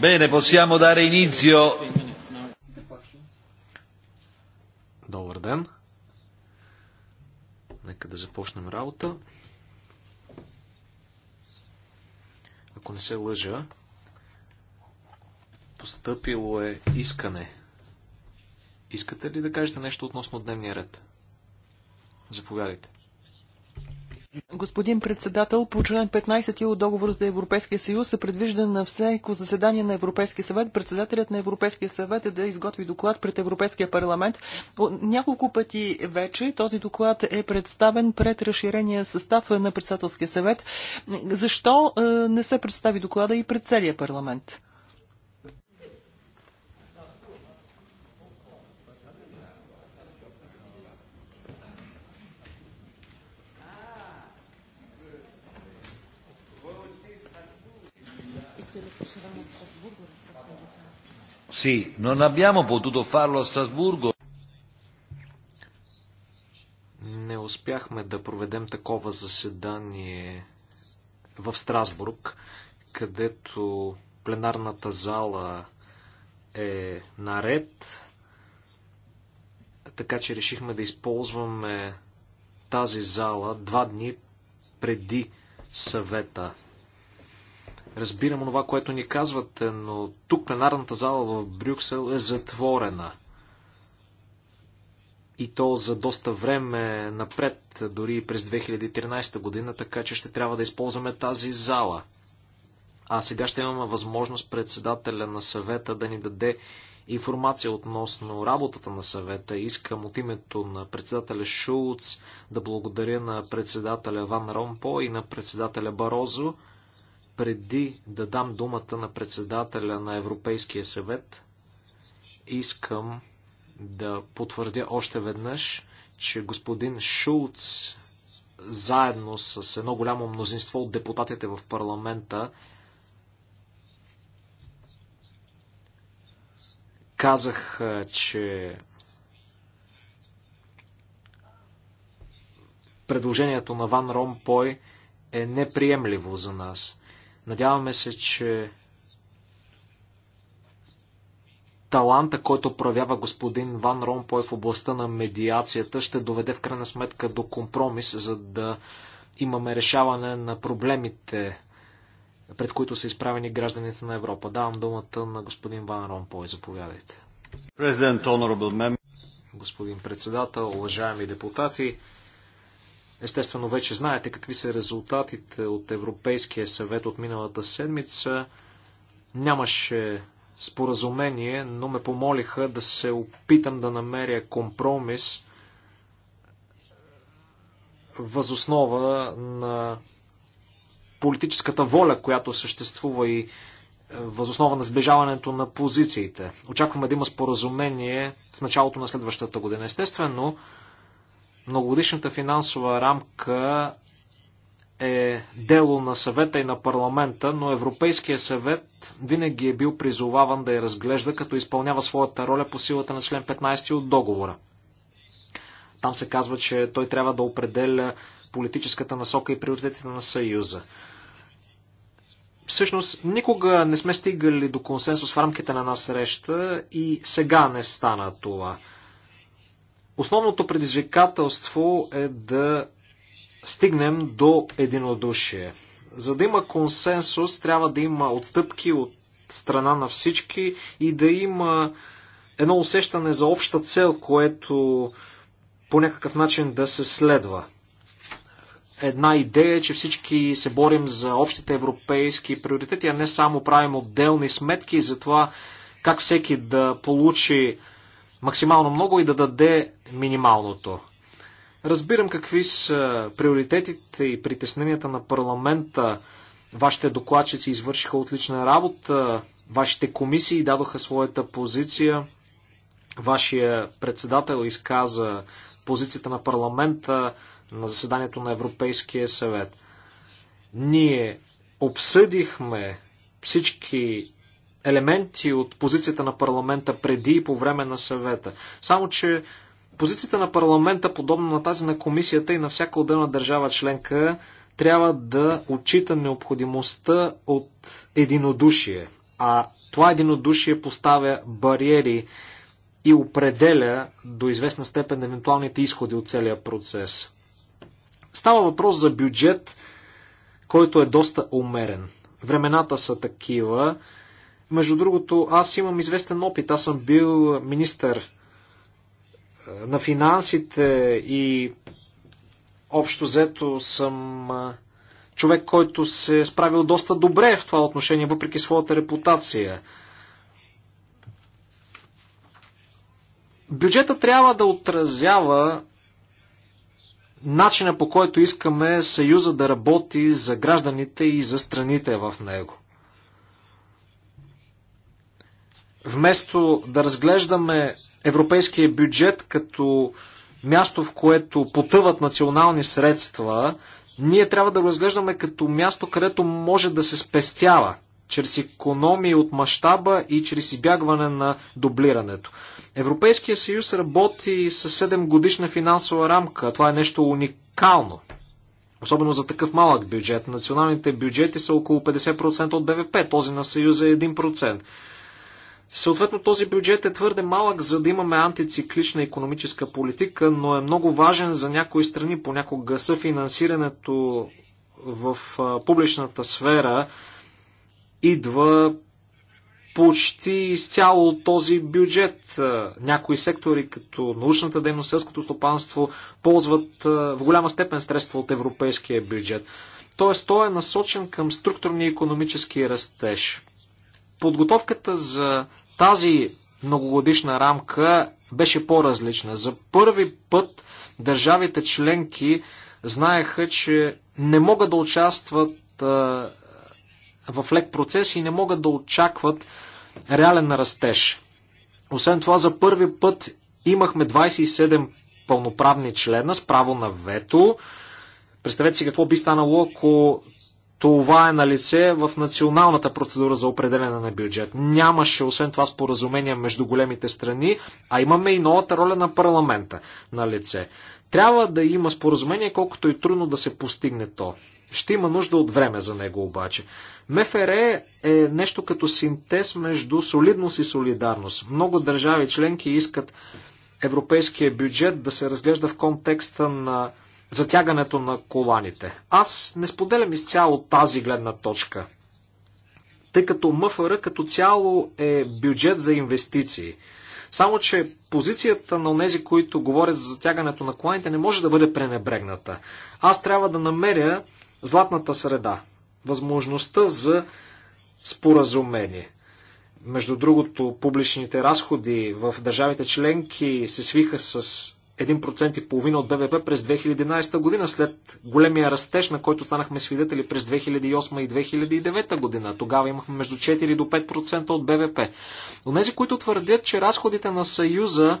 Bene, possiamo dare inizio. Добър ден. Нека да започнем работа. Ако не се лъжа, постъпило е искане. Искате ли да кажете нещо относно дневния ред? Заповядайте. Господин председател, по член 15 от договор за Европейския съюз се предвижда на всеко заседание на Европейския съвет председателят на Европейския съвет е да изготви доклад пред Европейския парламент. Няколко пъти вече този доклад е представен пред разширения състав на председателския съвет. Защо е, не се представи доклада и пред целия парламент? Sì, non abbiamo potuto farlo a Strasburgo. Не успяхме да проведем такова заседание в Страсбург, където пленарната зала е наред, така че решихме да използваме тази зала два дни преди съвета Разбирам това, което ни казвате, но тук пленарната зала в Брюксел е затворена. И то за доста време напред, дори през 2013 година, така че ще трябва да използваме тази зала. А сега ще имаме възможност председателя на съвета да ни даде информация относно работата на съвета. Искам от името на председателя Шулц да благодаря на председателя Ван Ромпо и на председателя Барозо. Преди да дам думата на председателя на Европейския съвет, искам да потвърдя още веднъж, че господин Шулц заедно с едно голямо мнозинство от депутатите в парламента казах, че предложението на Ван Ромпой е неприемливо за нас. Надяваме се, че таланта, който проявява господин Ван Ромпой в областта на медиацията, ще доведе в крайна сметка до компромис, за да имаме решаване на проблемите, пред които са изправени гражданите на Европа. Давам думата на господин Ван Ромпой. Заповядайте. Господин председател, уважаеми депутати, Естествено, вече знаете какви са резултатите от Европейския съвет от миналата седмица. Нямаше споразумение, но ме помолиха да се опитам да намеря компромис възоснова на политическата воля, която съществува и е, възоснова на сближаването на позициите. Очакваме да има споразумение в началото на следващата година. Естествено, Многогодишната финансова рамка е дело на съвета и на парламента, но Европейския съвет винаги е бил призоваван да я разглежда, като изпълнява своята роля по силата на член 15 от договора. Там се казва, че той трябва да определя политическата насока и приоритетите на Съюза. Всъщност, никога не сме стигали до консенсус в рамките на една среща и сега не стана това. Основното предизвикателство е да стигнем до единодушие. За да има консенсус, трябва да има отстъпки от страна на всички и да има едно усещане за обща цел, което по някакъв начин да се следва. Една идея е, че всички се борим за общите европейски приоритети, а не само правим отделни сметки за това как всеки да получи максимално много и да даде минималното. Разбирам какви са приоритетите и притесненията на парламента. Вашите докладчици извършиха отлична работа, вашите комисии дадоха своята позиция, вашия председател изказа позицията на парламента на заседанието на Европейския съвет. Ние обсъдихме всички елементи от позицията на парламента преди и по време на съвета. Само, че Позицията на парламента, подобно на тази на комисията и на всяка отделна държава членка, трябва да отчита необходимостта от единодушие. А това единодушие поставя бариери и определя до известна степен евентуалните изходи от целия процес. Става въпрос за бюджет, който е доста умерен. Времената са такива. Между другото, аз имам известен опит. Аз съм бил министър на финансите и общо взето съм човек, който се е справил доста добре в това отношение, въпреки своята репутация. Бюджета трябва да отразява начина по който искаме Съюза да работи за гражданите и за страните в него. Вместо да разглеждаме европейския бюджет като място, в което потъват национални средства, ние трябва да го разглеждаме като място, където може да се спестява чрез економии от мащаба и чрез избягване на дублирането. Европейския съюз работи с 7 годишна финансова рамка. Това е нещо уникално. Особено за такъв малък бюджет. Националните бюджети са около 50% от БВП, този на Съюза е 1%. Съответно, този бюджет е твърде малък, за да имаме антициклична економическа политика, но е много важен за някои страни. Понякога съфинансирането в публичната сфера идва почти изцяло от този бюджет. Някои сектори, като научната дейност, селското стопанство, ползват в голяма степен средства от европейския бюджет. Тоест, той е насочен към структурния економически растеж. Подготовката за тази многогодишна рамка беше по-различна. За първи път държавите членки знаеха, че не могат да участват в лек процес и не могат да очакват реален растеж. Освен това, за първи път имахме 27 пълноправни члена с право на вето. Представете си какво би станало, ако това е на лице в националната процедура за определене на бюджет. Нямаше, освен това, споразумение между големите страни, а имаме и новата роля на парламента на лице. Трябва да има споразумение, колкото и трудно да се постигне то. Ще има нужда от време за него обаче. МФР е нещо като синтез между солидност и солидарност. Много държави членки искат европейския бюджет да се разглежда в контекста на затягането на коланите. Аз не споделям изцяло тази гледна точка, тъй като МФР като цяло е бюджет за инвестиции. Само, че позицията на тези, които говорят за затягането на коланите, не може да бъде пренебрегната. Аз трябва да намеря златната среда, възможността за споразумение. Между другото, публичните разходи в държавите членки се свиха с 1,5% от БВП през 2011 година, след големия растеж, на който станахме свидетели през 2008 и 2009 година. Тогава имахме между 4 до 5% от БВП. Но тези, които твърдят, че разходите на Съюза,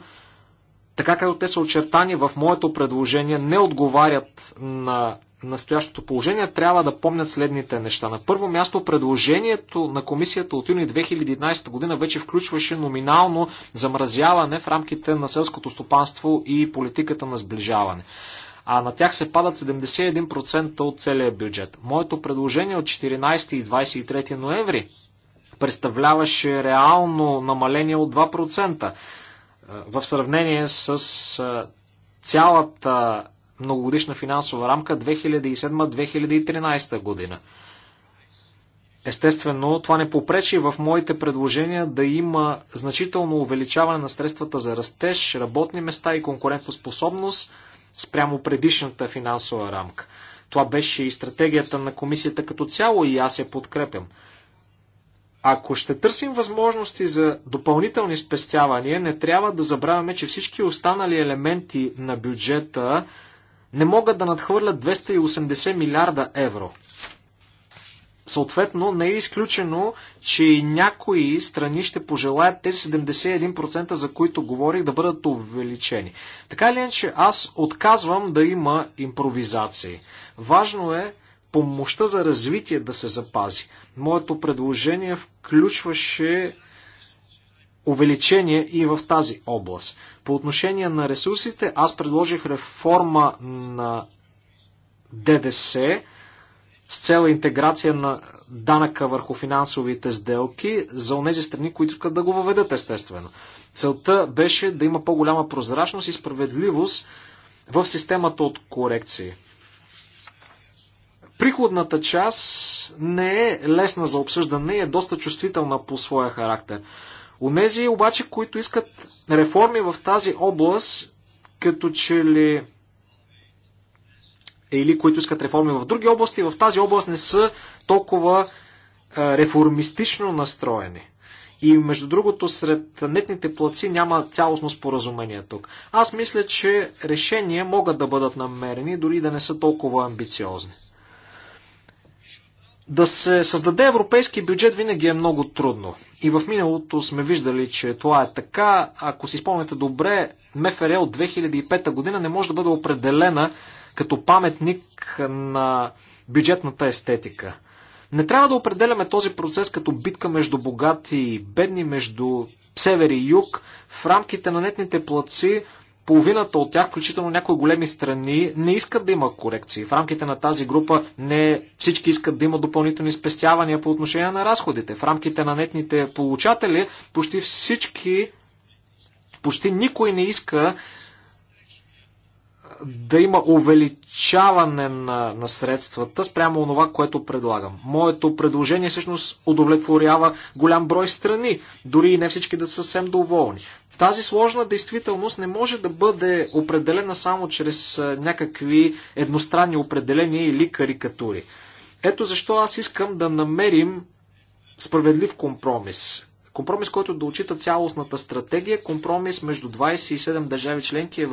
така както те са очертани в моето предложение, не отговарят на настоящото положение, трябва да помнят следните неща. На първо място, предложението на комисията от юни 2011 година вече включваше номинално замразяване в рамките на селското стопанство и политиката на сближаване. А на тях се падат 71% от целия бюджет. Моето предложение от 14 и 23 ноември представляваше реално намаление от 2% в сравнение с цялата многогодишна финансова рамка 2007-2013 година. Естествено, това не попречи в моите предложения да има значително увеличаване на средствата за растеж, работни места и конкурентоспособност спрямо предишната финансова рамка. Това беше и стратегията на комисията като цяло и аз я подкрепям. Ако ще търсим възможности за допълнителни спестявания, не трябва да забравяме, че всички останали елементи на бюджета не могат да надхвърлят 280 милиарда евро. Съответно, не е изключено, че някои страни ще пожелаят тези 71%, за които говорих, да бъдат увеличени. Така или иначе, аз отказвам да има импровизации. Важно е помощта за развитие да се запази. Моето предложение включваше увеличение и в тази област. По отношение на ресурсите, аз предложих реформа на ДДС с цел интеграция на данъка върху финансовите сделки за онези страни, които искат да го въведат естествено. Целта беше да има по-голяма прозрачност и справедливост в системата от корекции. Приходната част не е лесна за обсъждане и е доста чувствителна по своя характер. Онези обаче, които искат реформи в тази област, като че ли или които искат реформи в други области, в тази област не са толкова реформистично настроени. И между другото, сред нетните плаци няма цялостно споразумение тук. Аз мисля, че решения могат да бъдат намерени, дори да не са толкова амбициозни. Да се създаде европейски бюджет винаги е много трудно. И в миналото сме виждали, че това е така. Ако си спомняте добре, МФР е от 2005 година не може да бъде определена като паметник на бюджетната естетика. Не трябва да определяме този процес като битка между богати и бедни, между север и юг. В рамките на нетните плаци половината от тях, включително някои големи страни, не искат да има корекции. В рамките на тази група не всички искат да има допълнителни спестявания по отношение на разходите. В рамките на нетните получатели почти всички, почти никой не иска да има увеличаване на, на средствата спрямо това, което предлагам. Моето предложение всъщност удовлетворява голям брой страни, дори и не всички да са съвсем доволни. Тази сложна действителност не може да бъде определена само чрез някакви едностранни определения или карикатури. Ето защо аз искам да намерим справедлив компромис. Компромис, който да очита цялостната стратегия, компромис между 27 държави членки и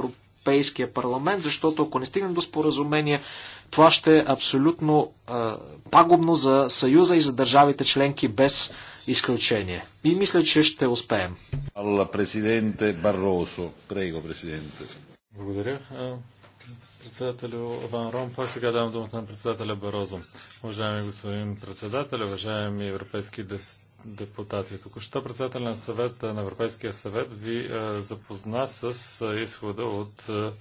Европейския парламент, защото ако не стигнем до споразумение, това ще е абсолютно а, пагубно за Съюза и за държавите членки без изключение. И мисля, че ще успеем. президенте Барросо. Прего, президенте. Благодаря. Председателю Ван Ром, Ромпа, сега давам думата на председателя Барозо. Уважаеми господин председател, уважаеми европейски дес депутати. Току-що Председателя на съвета на Европейския съвет ви е, запозна с е, изхода от е,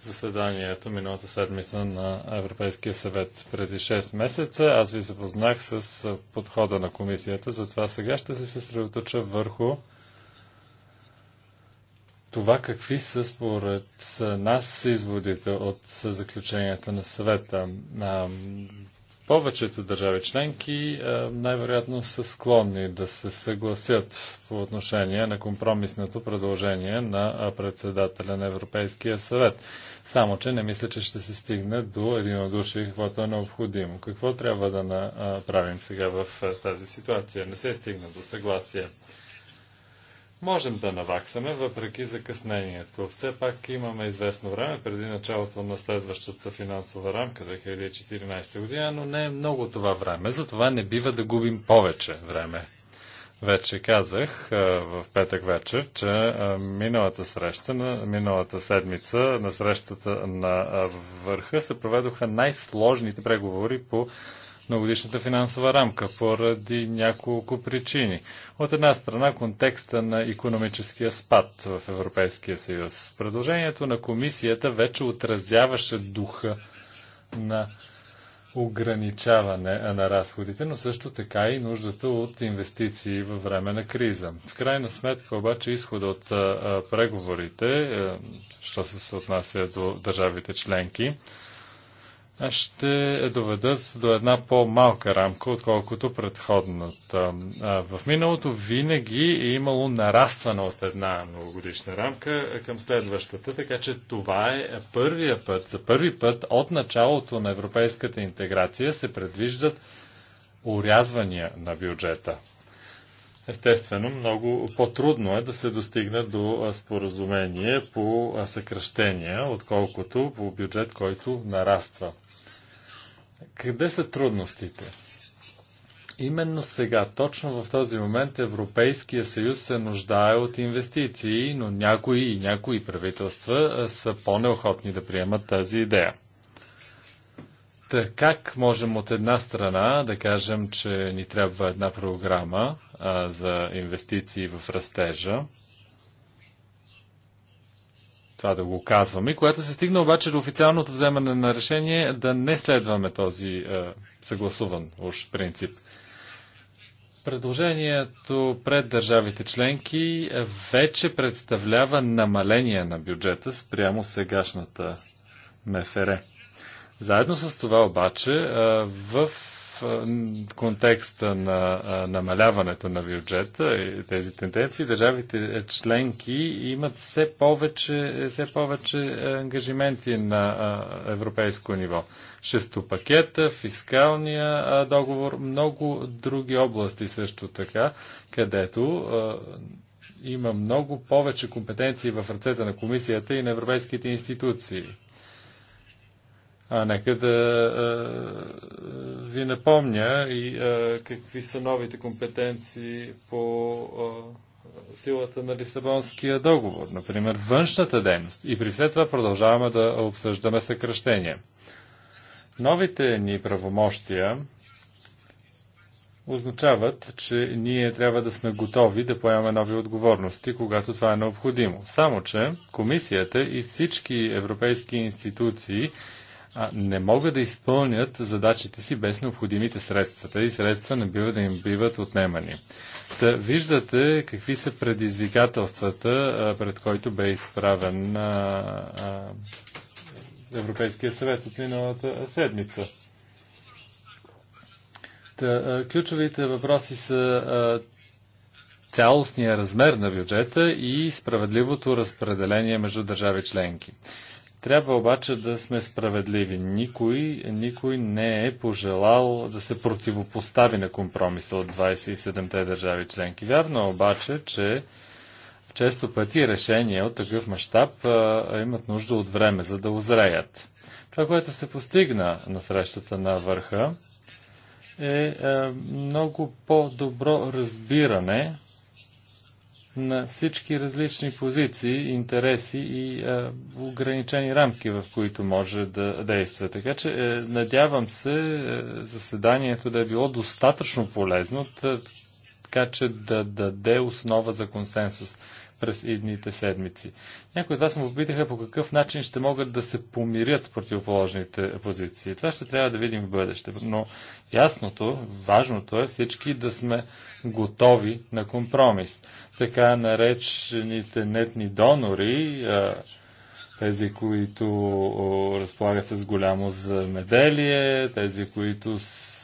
заседанието миналата седмица на Европейския съвет преди 6 месеца. Аз ви запознах с подхода на комисията, затова сега ще се съсредоточа върху това какви са според нас изводите от заключенията на съвета повечето държави членки най-вероятно са склонни да се съгласят по отношение на компромисното предложение на председателя на Европейския съвет. Само, че не мисля, че ще се стигне до единодушие, каквото е необходимо. Какво трябва да направим сега в тази ситуация? Не се стигна до съгласие. Можем да наваксаме, въпреки закъснението. Все пак имаме известно време преди началото на следващата финансова рамка 2014 година, но не е много това време. Затова не бива да губим повече време. Вече казах в петък вечер, че миналата среща, миналата седмица на срещата на върха се проведоха най-сложните преговори по многодишната финансова рамка поради няколко причини. От една страна контекста на економическия спад в Европейския съюз. Предложението на комисията вече отразяваше духа на ограничаване на разходите, но също така и нуждата от инвестиции във време на криза. В крайна сметка обаче изхода от преговорите, що се отнася до държавите членки, ще доведат до една по-малка рамка, отколкото предходната. В миналото винаги е имало нарастване от една многогодишна рамка към следващата, така че това е първия път. За първи път от началото на европейската интеграция се предвиждат урязвания на бюджета. Естествено, много по-трудно е да се достигне до споразумение по съкръщения, отколкото по бюджет, който нараства. Къде са трудностите? Именно сега, точно в този момент, Европейския съюз се нуждае от инвестиции, но някои и някои правителства са по-неохотни да приемат тази идея. Така как можем от една страна да кажем, че ни трябва една програма а, за инвестиции в растежа, това да го казваме. която се стигна обаче до официалното вземане на решение, да не следваме този е, съгласуван уж принцип. Предложението пред държавите членки вече представлява намаление на бюджета спрямо сегашната МФР. Заедно с това обаче е, в контекста на намаляването на бюджета и тези тенденции, държавите е, членки имат все повече, е, все повече е, ангажименти на европейско ниво. Шесто пакета, фискалния договор, много други области също така, където има много повече компетенции в ръцете на комисията и на европейските институции. А, нека да а, ви напомня и а, какви са новите компетенции по а, силата на Лисабонския договор. Например, външната дейност. И при след това продължаваме да обсъждаме съкръщение. Новите ни правомощия означават, че ние трябва да сме готови да поемаме нови отговорности, когато това е необходимо. Само, че комисията и всички европейски институции не могат да изпълнят задачите си без необходимите средства. Тези средства не бива да им биват отнемани. Та виждате какви са предизвикателствата, пред които бе изправен Европейския съвет от миналата седмица. Та, ключовите въпроси са цялостния размер на бюджета и справедливото разпределение между държави членки. Трябва обаче да сме справедливи. Никой, никой не е пожелал да се противопостави на компромиса от 27-те държави членки. Вярно е обаче, че често пъти решения от такъв мащаб имат нужда от време, за да озреят. Това, което се постигна на срещата на върха, е, е много по-добро разбиране на всички различни позиции, интереси и а, ограничени рамки, в които може да действа. Така че е, надявам се е, заседанието да е било достатъчно полезно, така че да даде основа за консенсус през едните седмици. Някои от вас му попитаха по какъв начин ще могат да се помирят противоположните позиции. Това ще трябва да видим в бъдеще. Но ясното, важното е всички да сме готови на компромис. Така наречените нетни донори, тези, които разполагат с голямо замеделие, тези, които с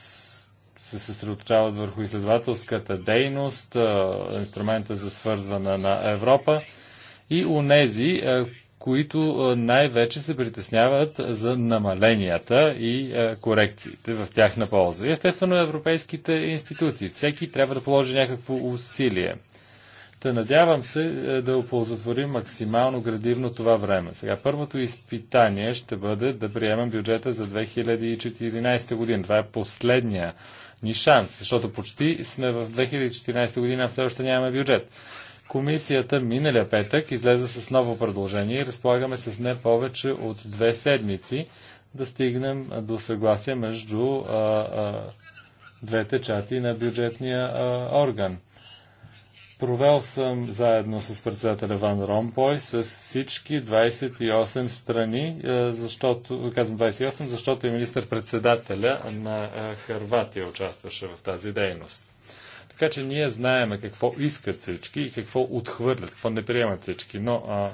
се съсредоточават върху изследователската дейност, инструмента за свързване на Европа и унези, които най-вече се притесняват за намаленията и корекциите в тях на полза. И естествено европейските институции. Всеки трябва да положи някакво усилие. Та надявам се да оползотворим максимално градивно това време. Сега първото изпитание ще бъде да приемем бюджета за 2014 година. Това е последния ни шанс, защото почти сме в 2014 година, все още нямаме бюджет. Комисията миналия петък излезе с ново предложение и разполагаме с не повече от две седмици да стигнем до съгласие между а, а, двете чати на бюджетния а, орган. Провел съм заедно с председателя Ван Ромпой с всички 28 страни, е, защото, казвам 28, защото и министър-председателя на е, Харватия участваше в тази дейност. Така че ние знаеме какво искат всички и какво отхвърлят, какво не приемат всички. Но а,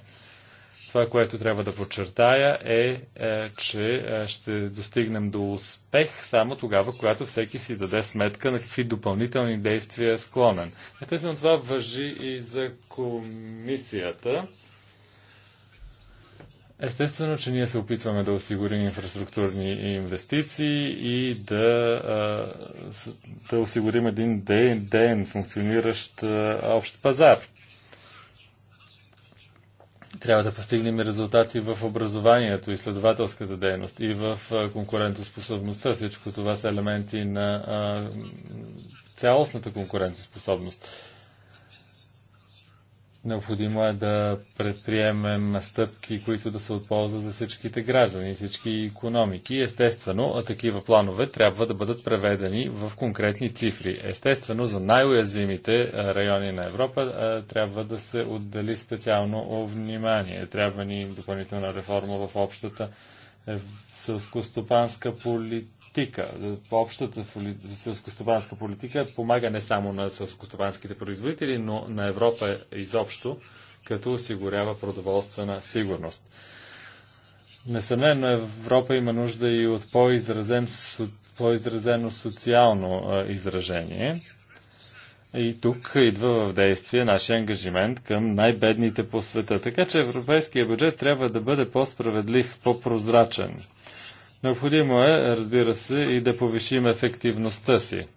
това, което трябва да подчертая е, е че е, ще достигнем до успех само тогава, когато всеки си даде сметка на какви допълнителни действия е склонен. Естествено, това въжи и за комисията. Естествено, че ние се опитваме да осигурим инфраструктурни инвестиции и да, е, да осигурим един ден, ден функциониращ е, общ пазар. Трябва да постигнем резултати в образованието, изследователската дейност и в конкурентоспособността. Всичко това са елементи на цялостната конкурентоспособност. Необходимо е да предприемем стъпки, които да се отползват за всичките граждани всички економики. Естествено, такива планове трябва да бъдат преведени в конкретни цифри. Естествено, за най-уязвимите райони на Европа трябва да се отдели специално внимание. Трябва ни допълнителна реформа в общата е, селско-стопанска политика политика, по общата селскостопанска политика помага не само на селскостопанските производители, но на Европа изобщо, като осигурява продоволствена сигурност. Несъмнено Европа има нужда и от по-изразен, по-изразено социално изражение. И тук идва в действие нашия ангажимент към най-бедните по света. Така че европейския бюджет трябва да бъде по-справедлив, по-прозрачен Необходимо е, разбира се, и да повишим ефективността си.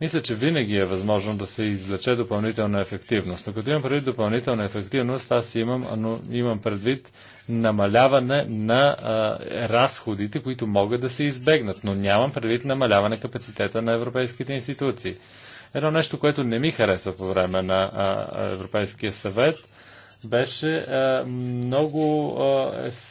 Мисля, че винаги е възможно да се извлече допълнителна ефективност. Ако имам предвид допълнителна ефективност, аз имам, но имам предвид намаляване на а, разходите, които могат да се избегнат, но нямам предвид намаляване капацитета на европейските институции. Едно нещо, което не ми харесва по време на а, Европейския съвет, беше а, много а, ефективно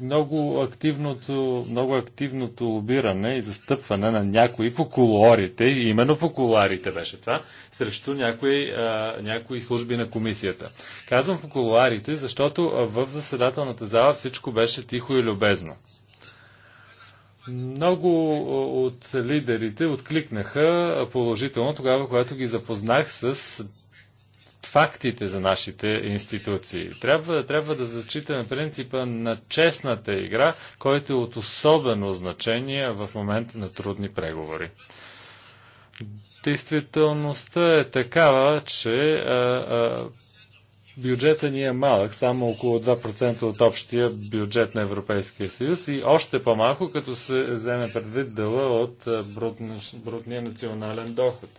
много активното, много активното лобиране и застъпване на някои по колорите, именно по коларите беше това, срещу някои, а, някои служби на комисията. Казвам по коларите, защото в заседателната зала всичко беше тихо и любезно. Много от лидерите откликнаха положително тогава, когато ги запознах с фактите за нашите институции. Трябва, трябва да зачитаме принципа на честната игра, който е от особено значение в момента на трудни преговори. Действителността е такава, че а, а, бюджета ни е малък, само около 2% от общия бюджет на Европейския съюз и още по-малко, като се вземе предвид дела от брутния национален доход.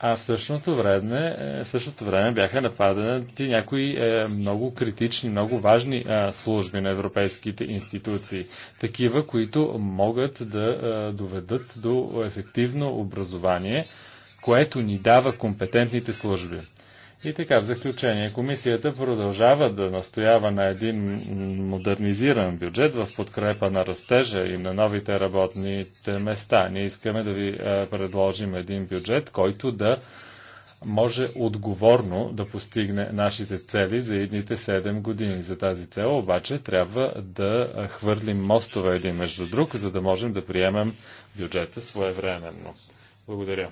А в същото време, е, в същото време бяха нападнати някои е, много критични, много важни е, служби на европейските институции. Такива, които могат да е, доведат до ефективно образование, което ни дава компетентните служби. И така, в заключение, комисията продължава да настоява на един модернизиран бюджет в подкрепа на растежа и на новите работните места. Ние искаме да ви е, предложим един бюджет, който да може отговорно да постигне нашите цели за едните 7 години. За тази цел обаче трябва да хвърлим мостове един между друг, за да можем да приемем бюджета своевременно. Благодаря.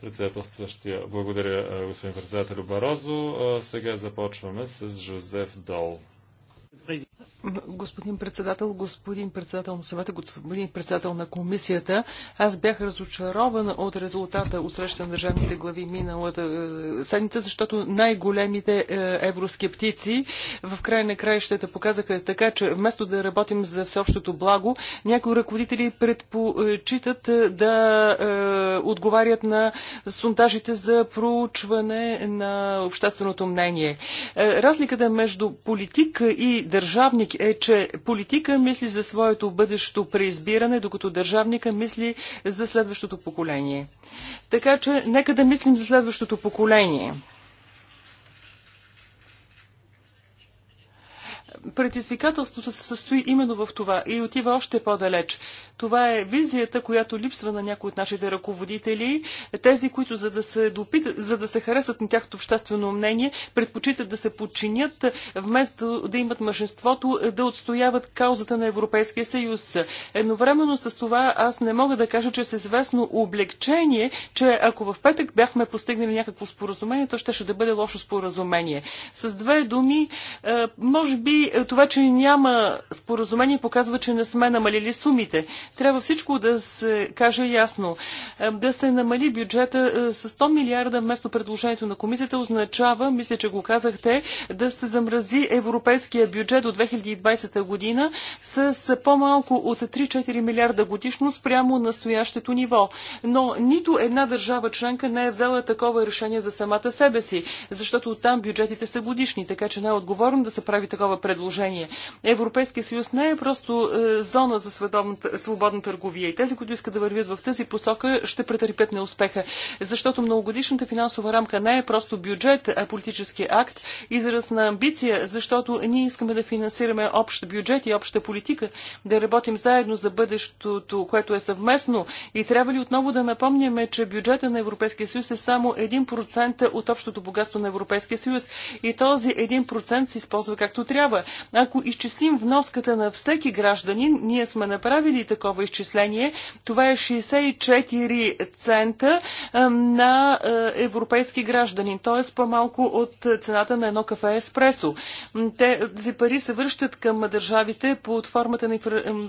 Председателстващия. Благодаря, господин председател Барозо. Сега започваме с Жозеф Дол. Господин председател, господин председател на съвета, господин председател на комисията, аз бях разочарован от резултата от среща на държавните глави миналата е, седмица, защото най-големите е, евроскептици в край на краищата показаха така, че вместо да работим за всеобщото благо, някои ръководители предпочитат е, да отговарят на сондажите за проучване на общественото мнение. Разликата между политик и държавник е, че политика мисли за своето бъдещо преизбиране, докато държавника мисли за следващото поколение. Така че нека да мислим за следващото поколение. Предизвикателството се състои именно в това и отива още по-далеч. Това е визията, която липсва на някои от нашите ръководители, тези, които за да се, допитат, за да се харесат на тяхното обществено мнение, предпочитат да се подчинят, вместо да имат мъжеството да отстояват каузата на Европейския съюз. Едновременно с това аз не мога да кажа, че с известно облегчение, че ако в петък бяхме постигнали някакво споразумение, то ще, ще да бъде лошо споразумение. С две думи, е, може би е, това, че няма споразумение, показва, че не сме намалили сумите. Трябва всичко да се каже ясно. Е, да се намали бюджета е, с 100 милиарда вместо предложението на комисията означава, мисля, че го казахте, да се замрази европейския бюджет до 2020 година с по-малко от 3-4 милиарда годишно спрямо настоящето ниво. Но нито една държава членка не е взела такова решение за самата себе си, защото там бюджетите са годишни, така че не е отговорно да се прави такова предложение предложение. Европейския съюз не е просто е, зона за свободна търговия и тези, които искат да вървят в тази посока, ще претърпят неуспеха, защото многогодишната финансова рамка не е просто бюджет, а политически акт, израз на амбиция, защото ние искаме да финансираме общ бюджет и обща политика, да работим заедно за бъдещето, което е съвместно и трябва ли отново да напомняме, че бюджета на Европейския съюз е само 1% от общото богатство на Европейския съюз и този 1% се използва както трябва. Ако изчислим вноската на всеки гражданин, ние сме направили такова изчисление, това е 64 цента на европейски гражданин, т.е. по-малко от цената на едно кафе еспресо. Тези пари се връщат към държавите под формата на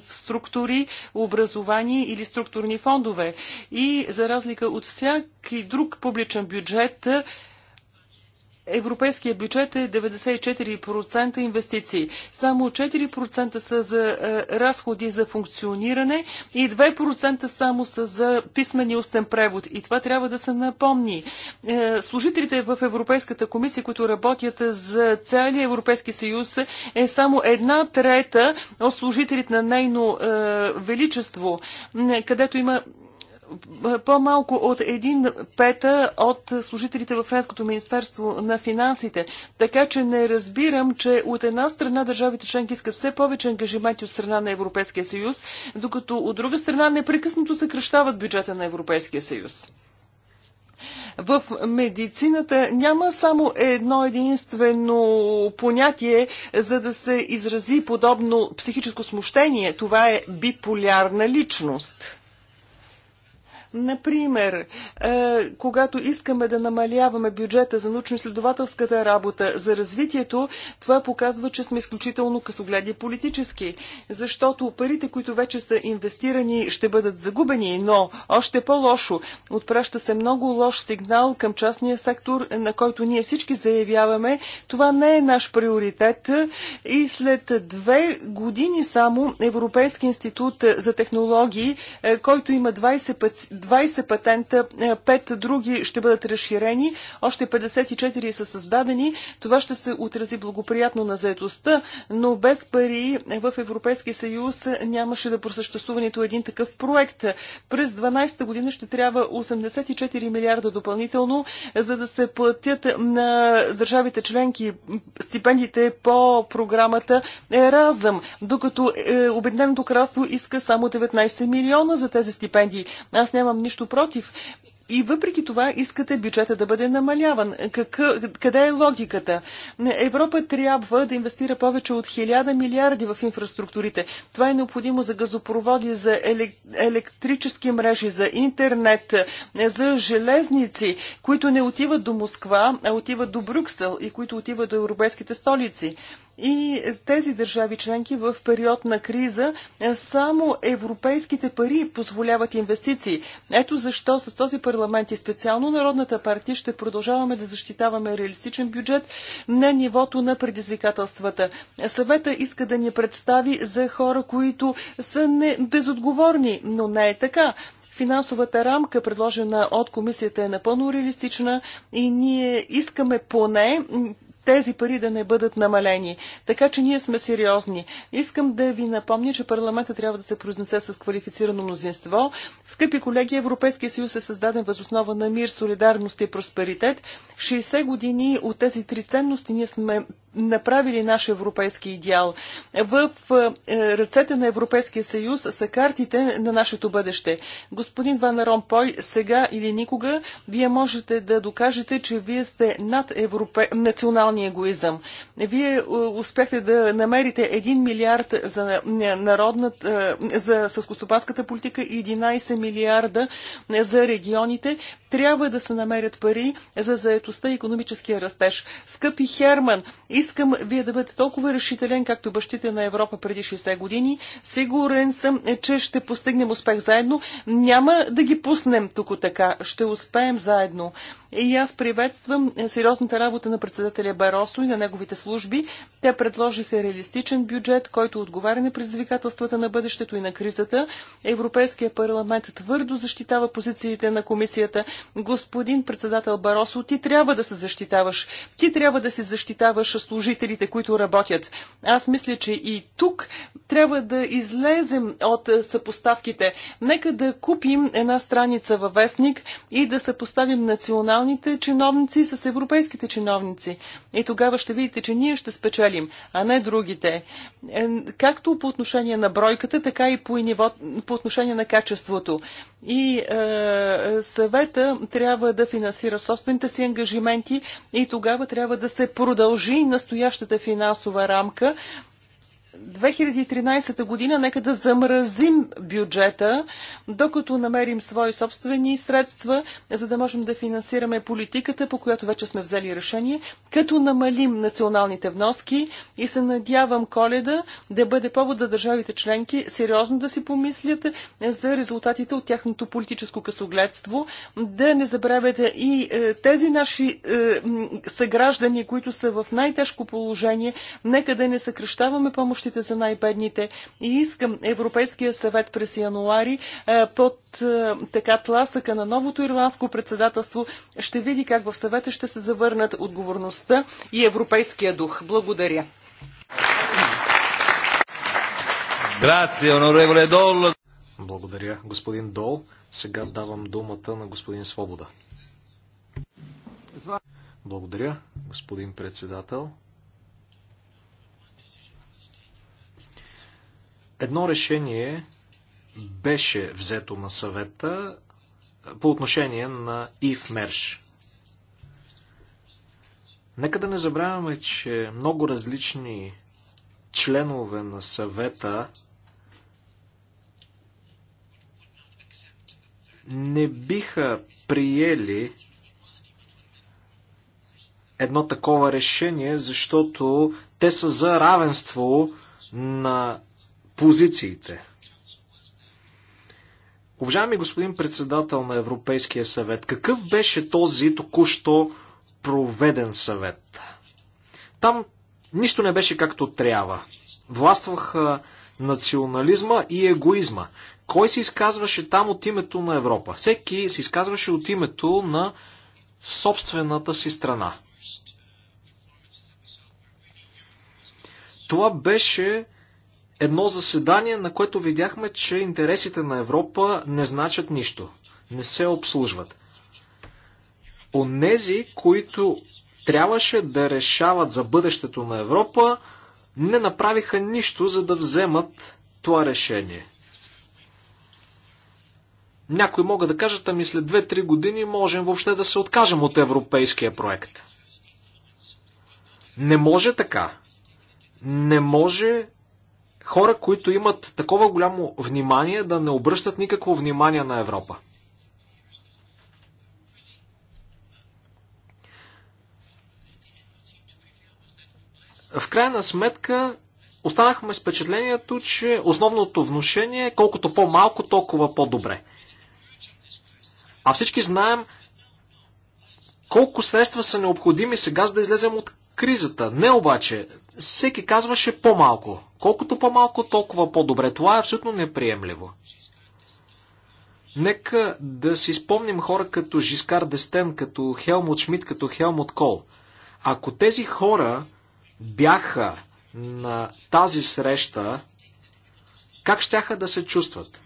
структури, образование или структурни фондове. И за разлика от всяки друг публичен бюджет, Европейския бюджет е 94% инвестиции. Само 4% са за е, разходи за функциониране и 2% само са за писмен и устен превод. И това трябва да се напомни. Е, служителите в Европейската комисия, които работят за целия Европейски съюз, е само една трета от служителите на нейно е, Величество, където има по-малко от един пета от служителите в Френското министерство на финансите. Така че не разбирам, че от една страна държавите членки искат все повече ангажименти от страна на Европейския съюз, докато от друга страна непрекъснато съкръщават бюджета на Европейския съюз. В медицината няма само едно единствено понятие, за да се изрази подобно психическо смущение. Това е биполярна личност. Например, е, когато искаме да намаляваме бюджета за научно-изследователската работа, за развитието, това показва, че сме изключително късогледи политически, защото парите, които вече са инвестирани, ще бъдат загубени, но още по-лошо, отпраща се много лош сигнал към частния сектор, на който ние всички заявяваме, това не е наш приоритет и след две години само Европейски институт за технологии, е, който има 20, пъти, 20 патента, 5 е, други ще бъдат разширени, още 54 са създадени. Това ще се отрази благоприятно на заедостта, но без пари в Европейския съюз нямаше да просъществува нито един такъв проект. През 12 година ще трябва 84 милиарда допълнително, за да се платят на държавите членки стипендиите по програмата Еразъм, докато е, Обединеното кралство иска само 19 милиона за тези стипендии. Аз нямам нямам нищо против. И въпреки това искате бюджета да бъде намаляван. къде е логиката? Европа трябва да инвестира повече от 1000 милиарди в инфраструктурите. Това е необходимо за газопроводи, за електрически мрежи, за интернет, за железници, които не отиват до Москва, а отиват до Брюксел и които отиват до европейските столици. И тези държави членки в период на криза е, само европейските пари позволяват инвестиции. Ето защо с този парламент и специално Народната партия ще продължаваме да защитаваме реалистичен бюджет на нивото на предизвикателствата. Съвета иска да ни представи за хора, които са не безотговорни, но не е така. Финансовата рамка, предложена от комисията, е напълно реалистична и ние искаме поне тези пари да не бъдат намалени. Така че ние сме сериозни. Искам да ви напомня, че парламента трябва да се произнесе с квалифицирано мнозинство. Скъпи колеги, Европейския съюз е създаден въз основа на мир, солидарност и просперитет. 60 години от тези три ценности ние сме направили наш европейски идеал. В е, ръцете на Европейския съюз са картите на нашето бъдеще. Господин Ван Ромпой, сега или никога, вие можете да докажете, че вие сте над европе... националния егоизъм. Вие е, успяхте да намерите 1 милиард за, е, народната, за съскостопанската политика и 11 милиарда за регионите. Трябва да се намерят пари за заетостта и економическия растеж. Скъпи Херман, и Искам вие да бъдете толкова решителен, както бащите на Европа преди 60 години. Сигурен съм, че ще постигнем успех заедно. Няма да ги пуснем тук така. Ще успеем заедно. И аз приветствам сериозната работа на председателя Баросо и на неговите служби. Те предложиха реалистичен бюджет, който отговаря на предизвикателствата на бъдещето и на кризата. Европейския парламент твърдо защитава позициите на комисията. Господин председател Баросо, ти трябва да се защитаваш. Ти трябва да се защитаваш с служителите, които работят. Аз мисля, че и тук трябва да излезем от е, съпоставките. Нека да купим една страница във вестник и да съпоставим националните чиновници с европейските чиновници. И тогава ще видите, че ние ще спечелим, а не другите. Е, както по отношение на бройката, така и по, ниво, по отношение на качеството. И е, съвета трябва да финансира собствените си ангажименти и тогава трябва да се продължи на настоящата финансова рамка 2013 година нека да замразим бюджета, докато намерим свои собствени средства, за да можем да финансираме политиката, по която вече сме взели решение, като намалим националните вноски и се надявам коледа да бъде повод за държавите членки сериозно да си помислят за резултатите от тяхното политическо късогледство, да не забравяте и е, тези наши е, съграждани, които са в най-тежко положение, нека да не съкръщаваме помощ помощите за най-бедните. И искам Европейския съвет през януари е, под е, така тласъка на новото ирландско председателство ще види как в съвета ще се завърнат отговорността и европейския дух. Благодаря. Благодаря, господин Дол. Сега давам думата на господин Свобода. Благодаря, господин председател. Едно решение беше взето на съвета по отношение на Ив Мерш. Нека да не забравяме, че много различни членове на съвета не биха приели едно такова решение, защото те са за равенство на позициите. Уважаеми господин председател на Европейския съвет, какъв беше този току-що проведен съвет? Там нищо не беше както трябва. Властваха национализма и егоизма. Кой се изказваше там от името на Европа? Всеки се изказваше от името на собствената си страна. Това беше едно заседание, на което видяхме, че интересите на Европа не значат нищо, не се обслужват. Онези, които трябваше да решават за бъдещето на Европа, не направиха нищо, за да вземат това решение. Някои могат да кажат, ами след 2-3 години можем въобще да се откажем от европейския проект. Не може така. Не може хора, които имат такова голямо внимание, да не обръщат никакво внимание на Европа. В крайна сметка, останахме с впечатлението, че основното вношение е колкото по-малко, толкова по-добре. А всички знаем колко средства са необходими сега, за да излезем от кризата. Не обаче, всеки казваше по-малко. Колкото по-малко, толкова по-добре. Това е абсолютно неприемливо. Нека да си спомним хора като Жискар Дестен, като Хелмут Шмидт, като Хелмут Кол. Ако тези хора бяха на тази среща, как щяха да се чувстват?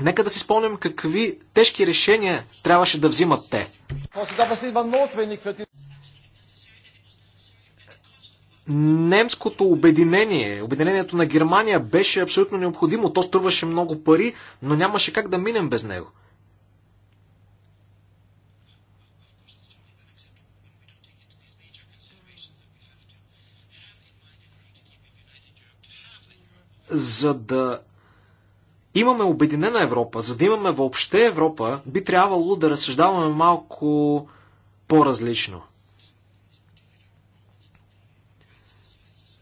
Нека да си спомним какви тежки решения трябваше да взимат те немското обединение, обединението на Германия беше абсолютно необходимо. То струваше много пари, но нямаше как да минем без него. За да имаме обединена Европа, за да имаме въобще Европа, би трябвало да разсъждаваме малко по-различно –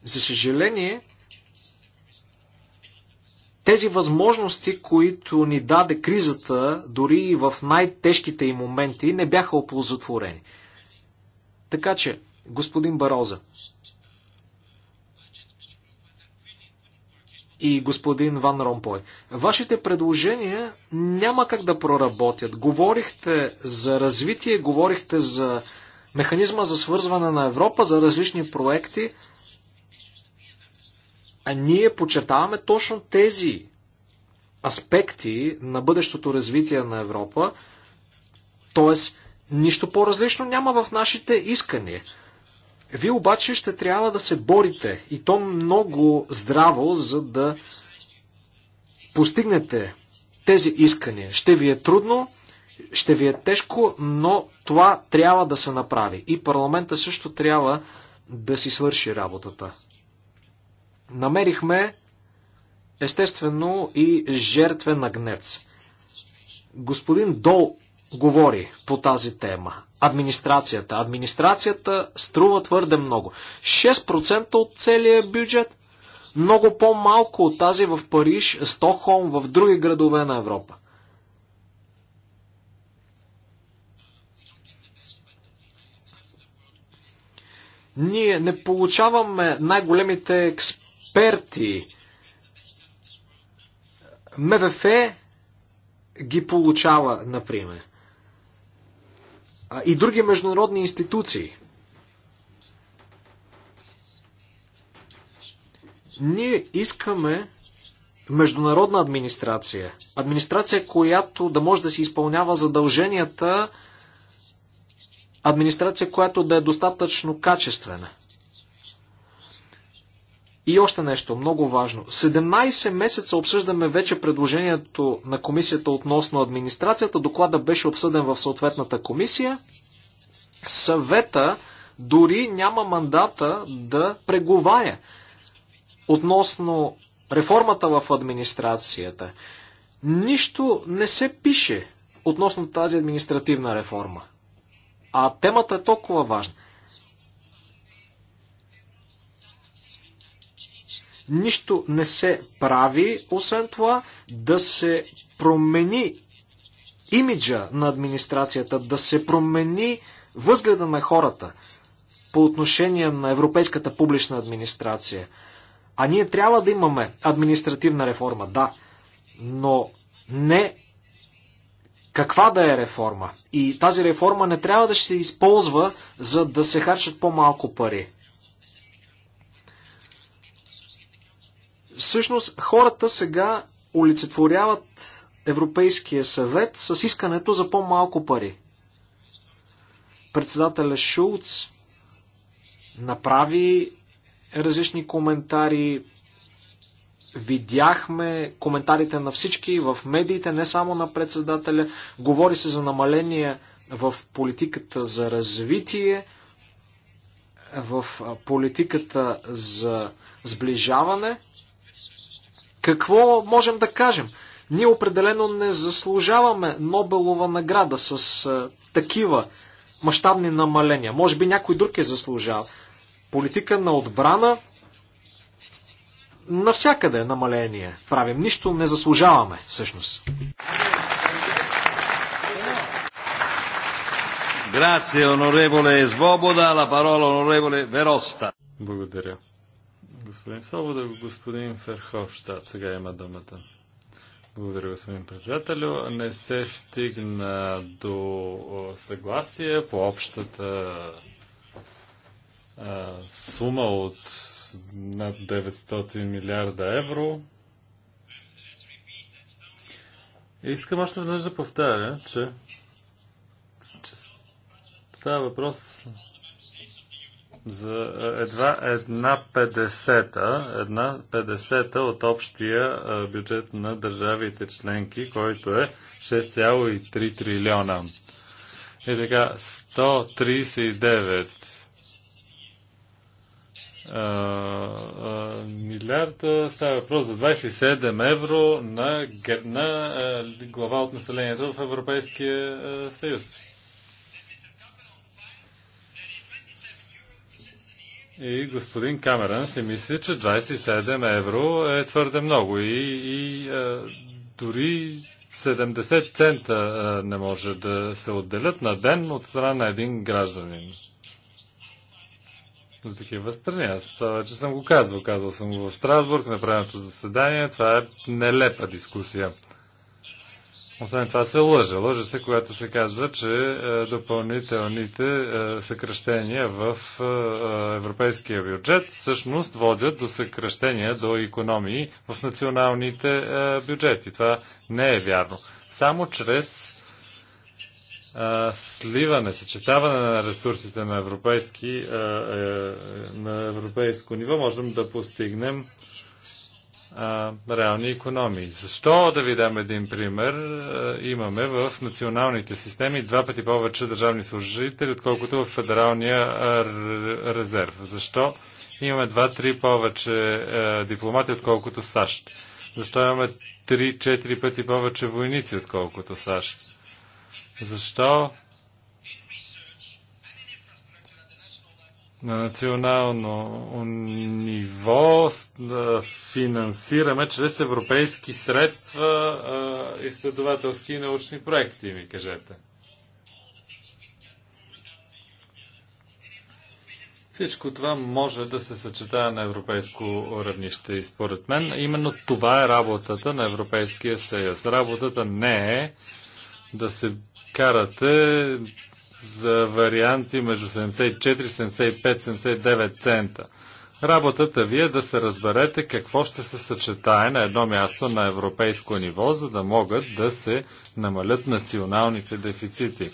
За съжаление, тези възможности, които ни даде кризата, дори и в най-тежките им моменти, не бяха оползотворени. Така че, господин Бароза и господин Ван Ромпой, вашите предложения няма как да проработят. Говорихте за развитие, говорихте за механизма за свързване на Европа, за различни проекти – а ние подчертаваме точно тези аспекти на бъдещото развитие на Европа, т.е. нищо по-различно няма в нашите искания. Вие обаче ще трябва да се борите и то много здраво, за да постигнете тези искания. Ще ви е трудно, ще ви е тежко, но това трябва да се направи. И парламента също трябва да си свърши работата. Намерихме естествено и жертвен агнец. Господин Дол говори по тази тема. Администрацията. Администрацията струва твърде много. 6% от целия бюджет. Много по-малко от тази в Париж, Стокхолм, в други градове на Европа. Ние не получаваме най-големите експерти експерти, МВФ ги получава, например. И други международни институции. Ние искаме международна администрация. Администрация, която да може да си изпълнява задълженията. Администрация, която да е достатъчно качествена. И още нещо много важно. 17 месеца обсъждаме вече предложението на комисията относно администрацията. Доклада беше обсъден в съответната комисия. Съвета дори няма мандата да преговаря относно реформата в администрацията. Нищо не се пише относно тази административна реформа. А темата е толкова важна. Нищо не се прави, освен това да се промени имиджа на администрацията, да се промени възгледа на хората по отношение на европейската публична администрация. А ние трябва да имаме административна реформа, да, но не каква да е реформа. И тази реформа не трябва да се използва, за да се харчат по-малко пари. Всъщност хората сега олицетворяват Европейския съвет с искането за по-малко пари. Председателя Шулц направи различни коментари. Видяхме коментарите на всички в медиите, не само на председателя. Говори се за намаление в политиката за развитие, в политиката за сближаване. Какво можем да кажем? Ние определено не заслужаваме Нобелова награда с а, е, такива мащабни намаления. Може би някой друг е заслужава. Политика на отбрана навсякъде е намаление. Правим нищо, не заслужаваме всъщност. Grazie onorevole Svoboda, la parola onorevole Verosta. Благодаря господин Свобода, господин Ферховщад. Сега има думата. Благодаря, господин председателю. Не се стигна до съгласие по общата сума от над 900 милиарда евро. Искам още веднъж да повтаря, че, че става въпрос за е, едва една педесета, една педесета от общия е, бюджет на държавите членки, който е 6,3 трилиона. И така, 139 е, милиарда става въпрос за 27 евро на, на глава от населението в Европейския съюз. И господин Камеран си мисли, че 27 евро е твърде много и, и е, дори 70 цента е, не може да се отделят на ден от страна на един гражданин. За такива страни. Аз това вече съм го казвал. Казвал съм го в Страсбург на правилното заседание. Това е нелепа дискусия. Освен това се лъжа. Лъжа се, когато се казва, че е, допълнителните е, съкръщения в е, европейския бюджет всъщност водят до съкръщения, до економии в националните бюджети. Това не е вярно. Само чрез сливане, съчетаване на ресурсите на, европейски, на европейско ниво можем да постигнем а, реални економии. Защо, да ви дам един пример, имаме в националните системи два пъти повече държавни служители, отколкото в Федералния резерв? Защо имаме два-три повече дипломати, отколкото САЩ? Защо имаме три-четири пъти повече войници, отколкото САЩ? Защо на национално ниво финансираме чрез европейски средства изследователски и научни проекти, ми кажете. Всичко това може да се съчетае на европейско равнище и според мен именно това е работата на Европейския съюз. Работата не е да се карате за варианти между 74, 75, 79 цента. Работата ви е да се разберете какво ще се съчетае на едно място на европейско ниво, за да могат да се намалят националните дефицити.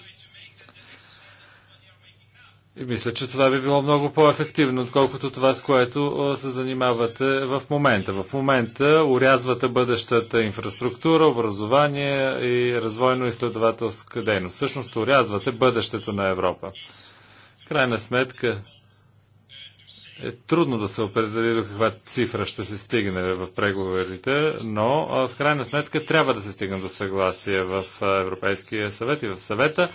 И мисля, че това би било много по-ефективно, отколкото това, с което се занимавате в момента. В момента урязвате бъдещата инфраструктура, образование и развойно-изследователска дейност. Всъщност урязвате бъдещето на Европа. Крайна сметка е трудно да се определи до каква цифра ще се стигне в преговорите, но в крайна сметка трябва да се стигне до съгласие в Европейския съвет и в съвета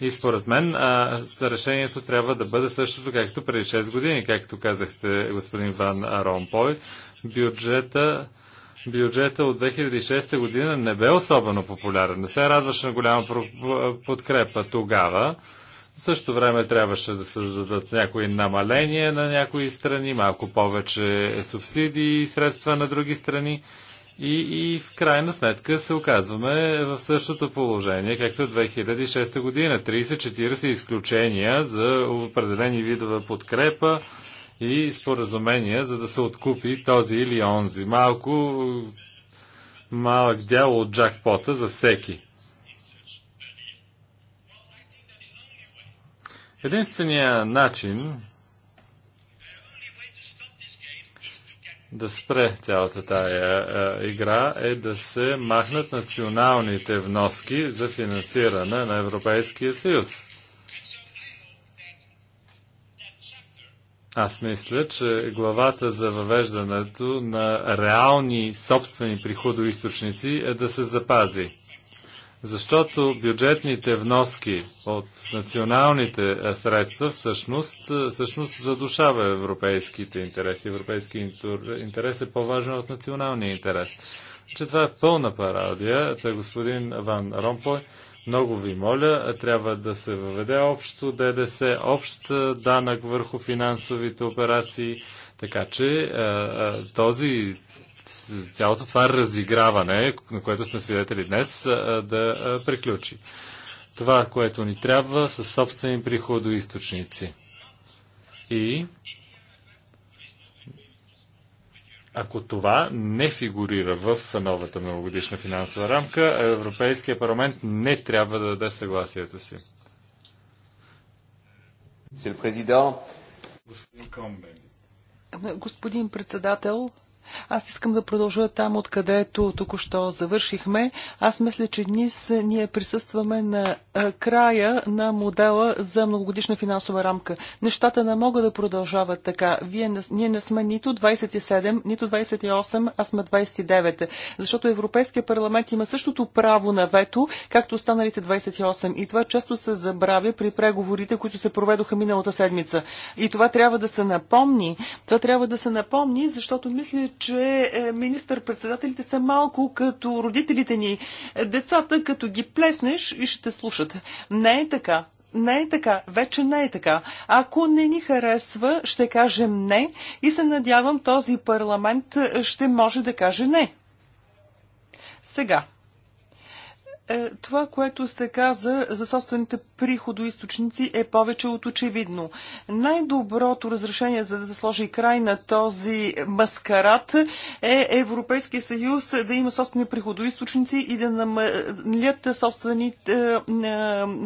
и според мен а, решението трябва да бъде същото, както преди 6 години, както казахте, господин Ван Ромпой. Бюджета бюджета от 2006 година не бе особено популярен. Не се радваше на голяма подкрепа тогава. В същото време трябваше да се дадат някои намаления на някои страни, малко повече субсидии и средства на други страни. И, и в крайна сметка се оказваме в същото положение, както 2006 година. 30-40 изключения за определени видове подкрепа и споразумения, за да се откупи този или онзи. Малко малък дял от джакпота за всеки. Единствения начин да спре цялата тая а, е, е, игра е да се махнат националните вноски за финансиране на Европейския съюз. Аз мисля, че главата за въвеждането на реални собствени приходоисточници е да се запази защото бюджетните вноски от националните средства всъщност, всъщност задушава европейските интереси. Европейски интерес е по-важен от националния интерес. Че значи, това е пълна парадия. Та господин Ван Ромпой, много ви моля, трябва да се въведе общо ДДС, общ данък върху финансовите операции, така че този цялото това разиграване, на което сме свидетели днес, да приключи. Това, което ни трябва, са собствени приходоисточници. И ако това не фигурира в новата многогодишна финансова рамка, Европейския парламент не трябва да даде съгласието си. Господин Комбен. Господин председател, аз искам да продължа там, откъдето току-що завършихме. Аз мисля, че днес ние присъстваме на края на модела за многогодишна финансова рамка. Нещата не могат да продължават така. Вие, ние не сме нито 27, нито 28, а сме 29. Защото Европейския парламент има същото право на вето, както останалите 28. И това често се забравя при преговорите, които се проведоха миналата седмица. И това трябва да се напомни. Това трябва да се напомни, защото мисля, че е, министър-председателите са малко като родителите ни. Децата, като ги плеснеш и ще те слушат. Не е така. Не е така, вече не е така. Ако не ни харесва, ще кажем не и се надявам този парламент е, ще може да каже не. Сега е, това, което се каза за собствените приходоисточници е повече от очевидно. Най-доброто разрешение за да се сложи край на този маскарат е Европейския съюз да има собствени приходоисточници и да намалят собствените е,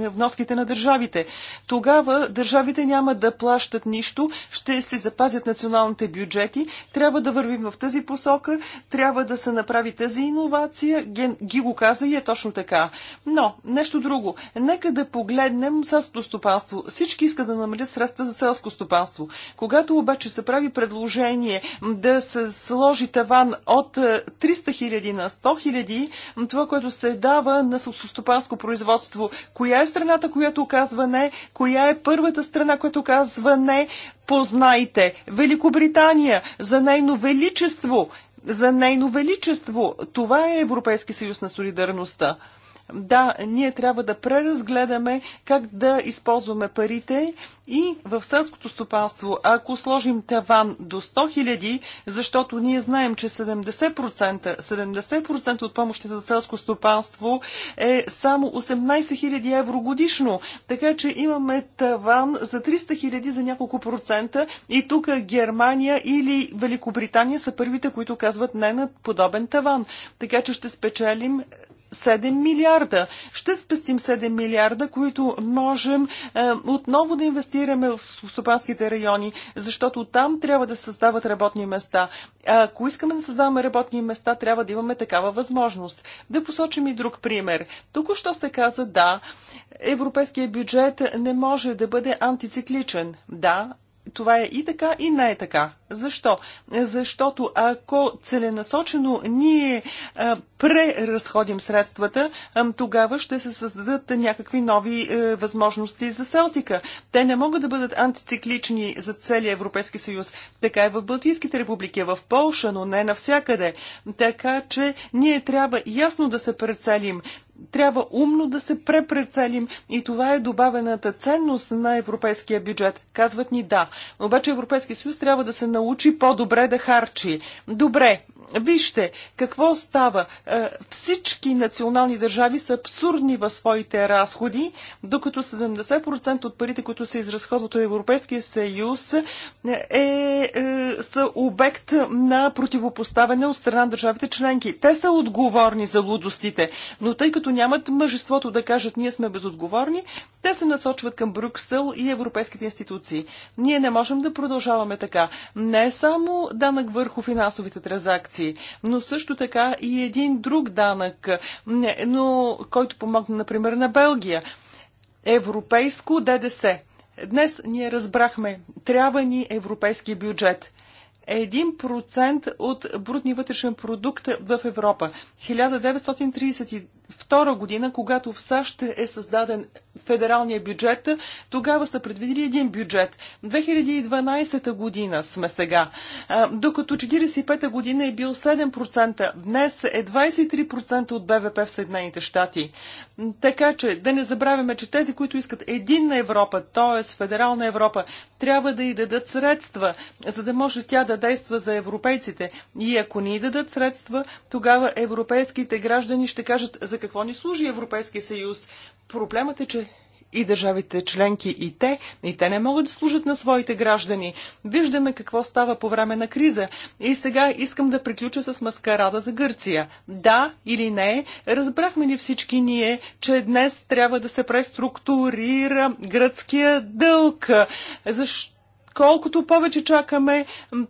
вноските на държавите. Тогава държавите няма да плащат нищо, ще се запазят националните бюджети. Трябва да вървим в тази посока, трябва да се направи тази иновация. Ги го каза и е точно така. Но, нещо друго. Нека да погледнем погледнем селското стопанство. Всички искат да намалят средства за селско стопанство. Когато обаче се прави предложение да се сложи таван от 300 е, хиляди на 100 хиляди, това, което се дава на селскостопанско производство, коя е страната, която казва не, коя е първата страна, която казва не, познайте Великобритания за нейно величество, за нейно величество. Това е Европейски съюз на солидарността. Да, ние трябва да преразгледаме как да използваме парите и в селското стопанство, ако сложим таван до 100 хиляди, защото ние знаем, че 70%, 70% от помощите за селско стопанство е само 18 000 евро годишно. Така че имаме таван за 300 хиляди за няколко процента и тук Германия или Великобритания са първите, които казват не на подобен таван. Така че ще спечелим 7 милиарда. Ще спестим 7 милиарда, които можем е, отново да инвестираме в стопанските райони, защото там трябва да се създават работни места. Ако искаме да създаваме работни места, трябва да имаме такава възможност. Да посочим и друг пример. Току-що се каза, да, европейския бюджет не може да бъде антицикличен. Да, това е и така, и не е така. Защо? Защото ако целенасочено ние а, преразходим средствата, а, тогава ще се създадат някакви нови а, възможности за Селтика. Те не могат да бъдат антициклични за целия Европейски съюз. Така е в Балтийските републики, в Полша, но не навсякъде. Така че ние трябва ясно да се прецелим трябва умно да се препрецелим и това е добавената ценност на европейския бюджет. Казват ни да. Обаче Европейския съюз трябва да се научи по-добре да харчи. Добре, Вижте какво става. Е, всички национални държави са абсурдни в своите разходи, докато 70% от парите, които се изразходват от Европейския съюз, е, е, са обект на противопоставяне от страна на държавите членки. Те са отговорни за лудостите, но тъй като нямат мъжеството да кажат ние сме безотговорни, те се насочват към Брюксел и европейските институции. Ние не можем да продължаваме така. Не само данък върху финансовите транзакции, данъци, но също така и един друг данък, но който помогна, например, на Белгия. Европейско ДДС. Днес ние разбрахме, трябва ни европейски бюджет. 1% от брутния вътрешен продукт в Европа. 1992 година, когато в САЩ е създаден федералния бюджет, тогава са предвидили един бюджет. 2012 година сме сега. Докато 1945 година е бил 7%, днес е 23% от БВП в Съединените щати. Така че да не забравяме, че тези, които искат единна Европа, т.е. федерална Европа, трябва да й дадат средства, за да може тя да действа за европейците. И ако ни дадат средства, тогава европейските граждани ще кажат за какво ни служи Европейския съюз. Проблемът е, че и държавите членки и те, и те не могат да служат на своите граждани. Виждаме какво става по време на криза. И сега искам да приключа с маскарада за Гърция. Да или не, разбрахме ли всички ние, че днес трябва да се преструктурира гръцкия дълг? Защо? Колкото повече чакаме,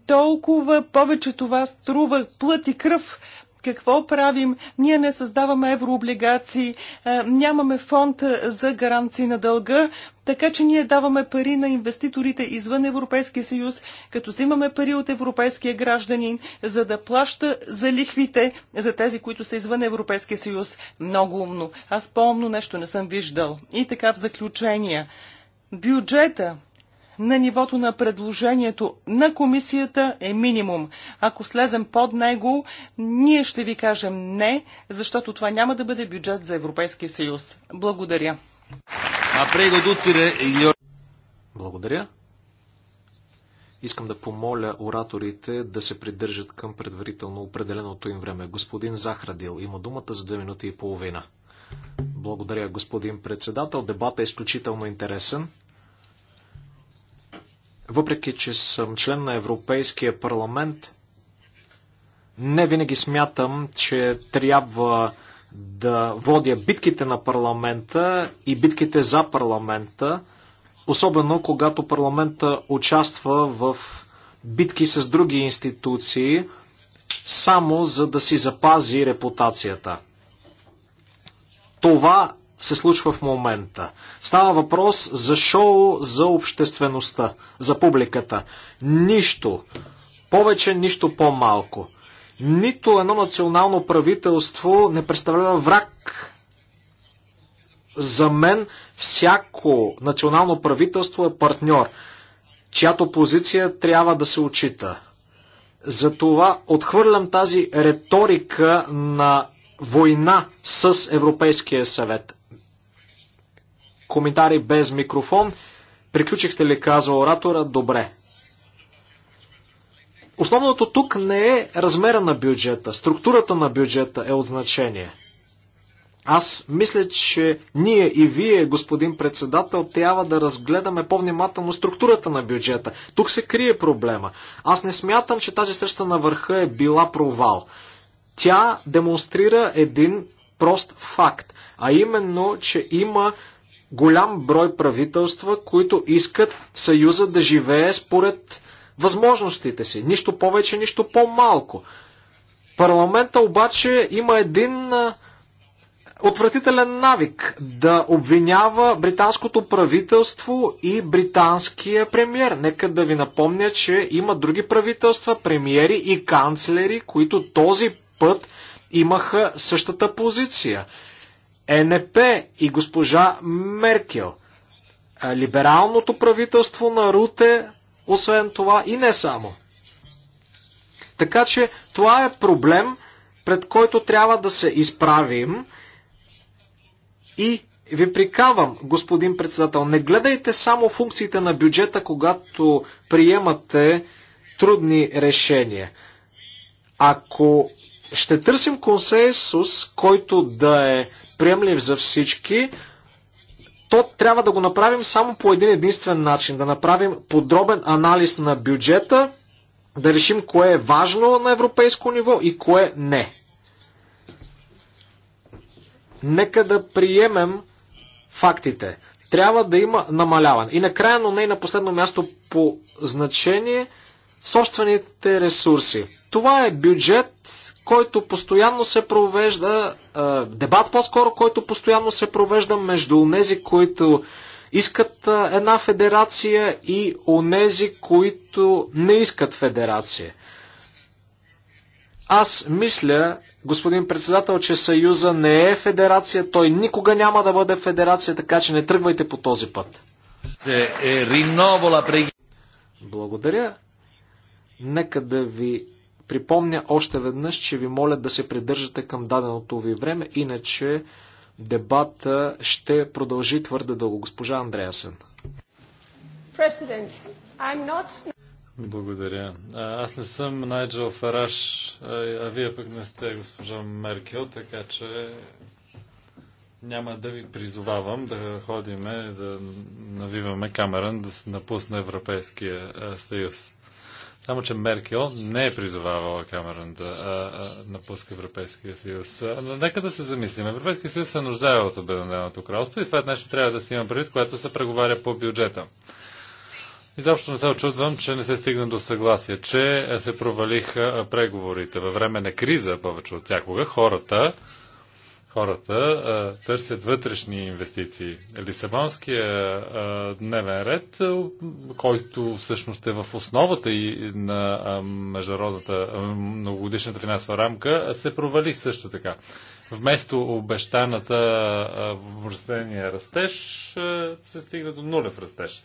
толкова повече това струва плът и кръв. Какво правим? Ние не създаваме еврооблигации, е, нямаме фонд е, за гаранции на дълга, така че ние даваме пари на инвеститорите извън Европейския съюз, като взимаме пари от европейския гражданин, за да плаща за лихвите за тези, които са извън Европейския съюз. Много умно. Аз по-умно нещо не съм виждал. И така в заключение. Бюджета на нивото на предложението на комисията е минимум. Ако слезем под него, ние ще ви кажем не, защото това няма да бъде бюджет за Европейския съюз. Благодаря. Благодаря. Искам да помоля ораторите да се придържат към предварително определеното им време. Господин Захрадил има думата за две минути и половина. Благодаря, господин председател. Дебата е изключително интересен въпреки че съм член на Европейския парламент, не винаги смятам, че трябва да водя битките на парламента и битките за парламента, особено когато парламента участва в битки с други институции, само за да си запази репутацията. Това се случва в момента. Става въпрос за шоу за обществеността, за публиката. Нищо. Повече, нищо по-малко. Нито едно национално правителство не представлява враг за мен всяко национално правителство е партньор, чиято позиция трябва да се очита. Затова отхвърлям тази риторика на война с Европейския съвет коментари без микрофон. Приключихте ли, казва оратора? Добре. Основното тук не е размера на бюджета. Структурата на бюджета е от значение. Аз мисля, че ние и вие, господин председател, трябва да разгледаме по-внимателно структурата на бюджета. Тук се крие проблема. Аз не смятам, че тази среща на върха е била провал. Тя демонстрира един прост факт, а именно, че има голям брой правителства, които искат Съюза да живее според възможностите си. Нищо повече, нищо по-малко. Парламента обаче има един отвратителен навик да обвинява британското правителство и британския премьер. Нека да ви напомня, че има други правителства, премиери и канцлери, които този път имаха същата позиция. Е ЕНП и госпожа Меркел. Либералното правителство на Руте, освен това и не само. Така че това е проблем, пред който трябва да се изправим и ви прикавам, господин председател, не гледайте само функциите на бюджета, когато приемате трудни решения. Ако ще търсим консенсус, който да е приемлив за всички, то трябва да го направим само по един единствен начин. Да направим подробен анализ на бюджета, да решим кое е важно на европейско ниво и кое не. Нека да приемем фактите. Трябва да има намаляване. И накрая, но не и на последно място по значение, собствените ресурси. Това е бюджет, който постоянно се провежда, дебат по-скоро, който постоянно се провежда между онези, които искат една федерация и онези, които не искат федерация. Аз мисля, господин председател, че Съюза не е федерация, той никога няма да бъде федерация, така че не тръгвайте по този път. Е, е, Благодаря. Нека да ви припомня още веднъж, че ви моля да се придържате към даденото ви време, иначе дебата ще продължи твърде дълго. Госпожа Андреасен. Not... Благодаря. Аз не съм Найджел Фараш, а вие пък не сте госпожа Меркел, така че няма да ви призовавам да ходиме, да навиваме камера, да се напусне Европейския съюз. Само, че Меркел не е призовавала Камерон да а, а, напуска Европейския съюз. Но нека да се замислим. Европейския съюз се нуждае от Обединеното кралство и това е нещо трябва да се има предвид, което се преговаря по бюджета. Изобщо не се очудвам, че не се стигна до съгласие, че се провалиха преговорите. Във време на криза, повече от всякога, хората хората а, търсят вътрешни инвестиции. Лисабонския дневен ред, който всъщност е в основата и на международната многогодишната финансова рамка, се провали също така. Вместо обещаната а, растеж, се стигна до нулев растеж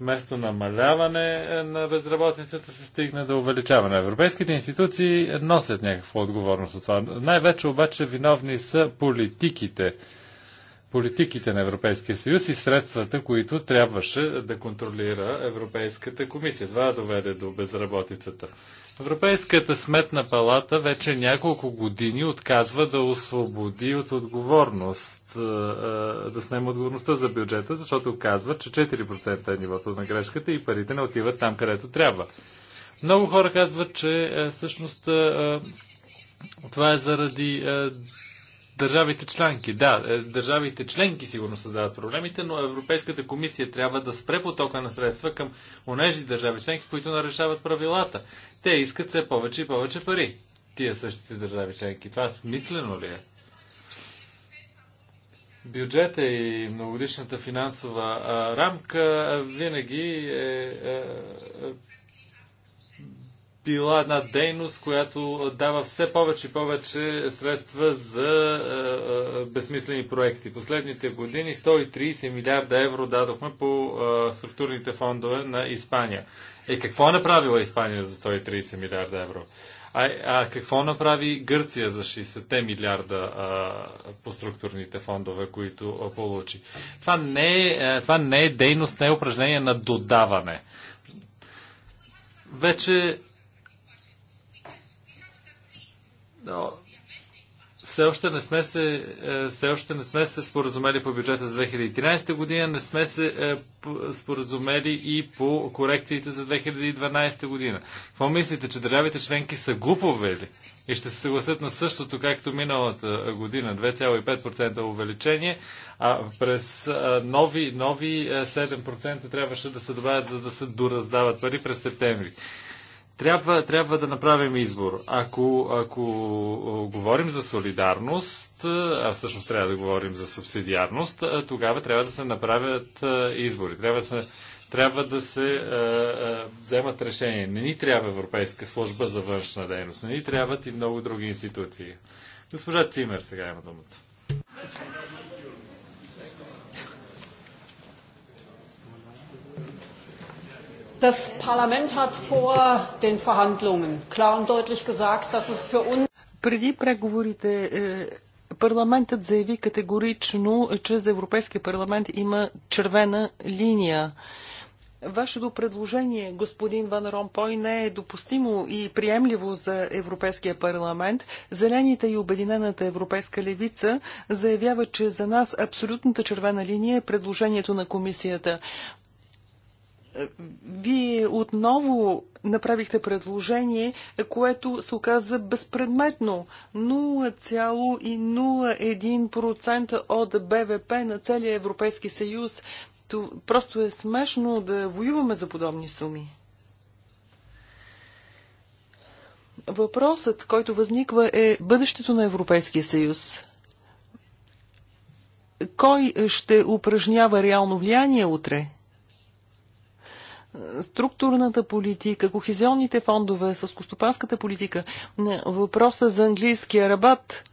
вместо намаляване е, на безработицата се стигне до увеличаване. Европейските институции носят някаква отговорност от това. Най-вече обаче виновни са политиките. Политиките на Европейския съюз и средствата, които трябваше да контролира Европейската комисия. Това доведе до безработицата. Европейската сметна палата вече няколко години отказва да освободи от отговорност, е, е, да снеме отговорността за бюджета, защото казва, че 4% е нивото на грешката и парите не отиват там, където трябва. Много хора казват, че е, всъщност това е заради държавите членки. Да, е, държавите членки сигурно създават проблемите, но Европейската комисия трябва да спре потока на средства към онежи държави членки, които нарешават правилата. Те искат все повече и повече пари. Тия същите държави членки. Това смислено ли е? бюджета и многодишната финансова а, рамка винаги е, е, е била една дейност, която дава все повече и повече средства за е, е, безсмислени проекти. Последните години 130 милиарда евро дадохме по е, структурните фондове на Испания. Е, какво е направила Испания за 130 милиарда евро? А, а какво направи Гърция за 60 милиарда а, по структурните фондове, които а, получи? Това не, е, това не е дейност, не е упражнение на додаване. Вече Но все още не сме се, е, все още не сме се споразумели по бюджета за 2013 година, не сме се е, споразумели и по корекциите за 2012 година. Какво мислите, че държавите членки са глупове ли? И ще се съгласят на същото, както миналата година, 2,5% увеличение, а през е, нови, нови 7% трябваше да се добавят, за да се дораздават пари през септември. Трябва, трябва да направим избор. Ако, ако говорим за солидарност, а всъщност трябва да говорим за субсидиарност, тогава трябва да се направят избори. Трябва да се, трябва да се а, а, вземат решения. Не ни трябва Европейска служба за външна дейност. Не ни трябват и много други институции. Госпожа Цимер сега има думата. Das Parlament hat vor den Verhandlungen klar und deutlich gesagt, dass es für uns преди преговорите е, парламентът заяви категорично, че за Европейския парламент има червена линия. Вашето предложение, господин Ван Ромпой, не е допустимо и приемливо за Европейския парламент. Зелените и Обединената европейска левица заявява, че за нас абсолютната червена линия е предложението на комисията. Вие отново направихте предложение, което се оказа безпредметно. 0,01% от БВП на целия Европейски съюз. То просто е смешно да воюваме за подобни суми. Въпросът, който възниква е бъдещето на Европейския съюз. Кой ще упражнява реално влияние утре? структурната политика, кохезионните фондове, съскостопанската политика, въпроса за английския рабат,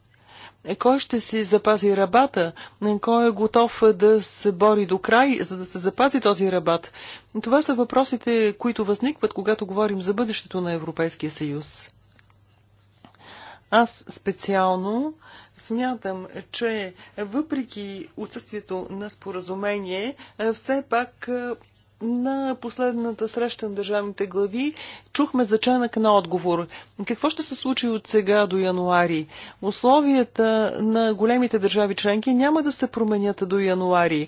кой ще си запази рабата? Кой е готов да се бори до край, за да се запази този рабат? Това са въпросите, които възникват, когато говорим за бъдещето на Европейския съюз. Аз специално смятам, че въпреки отсъствието на споразумение, все пак на последната среща на държавните глави чухме зачанък на отговор. Какво ще се случи от сега до януари? Условията на големите държави членки няма да се променят до януари.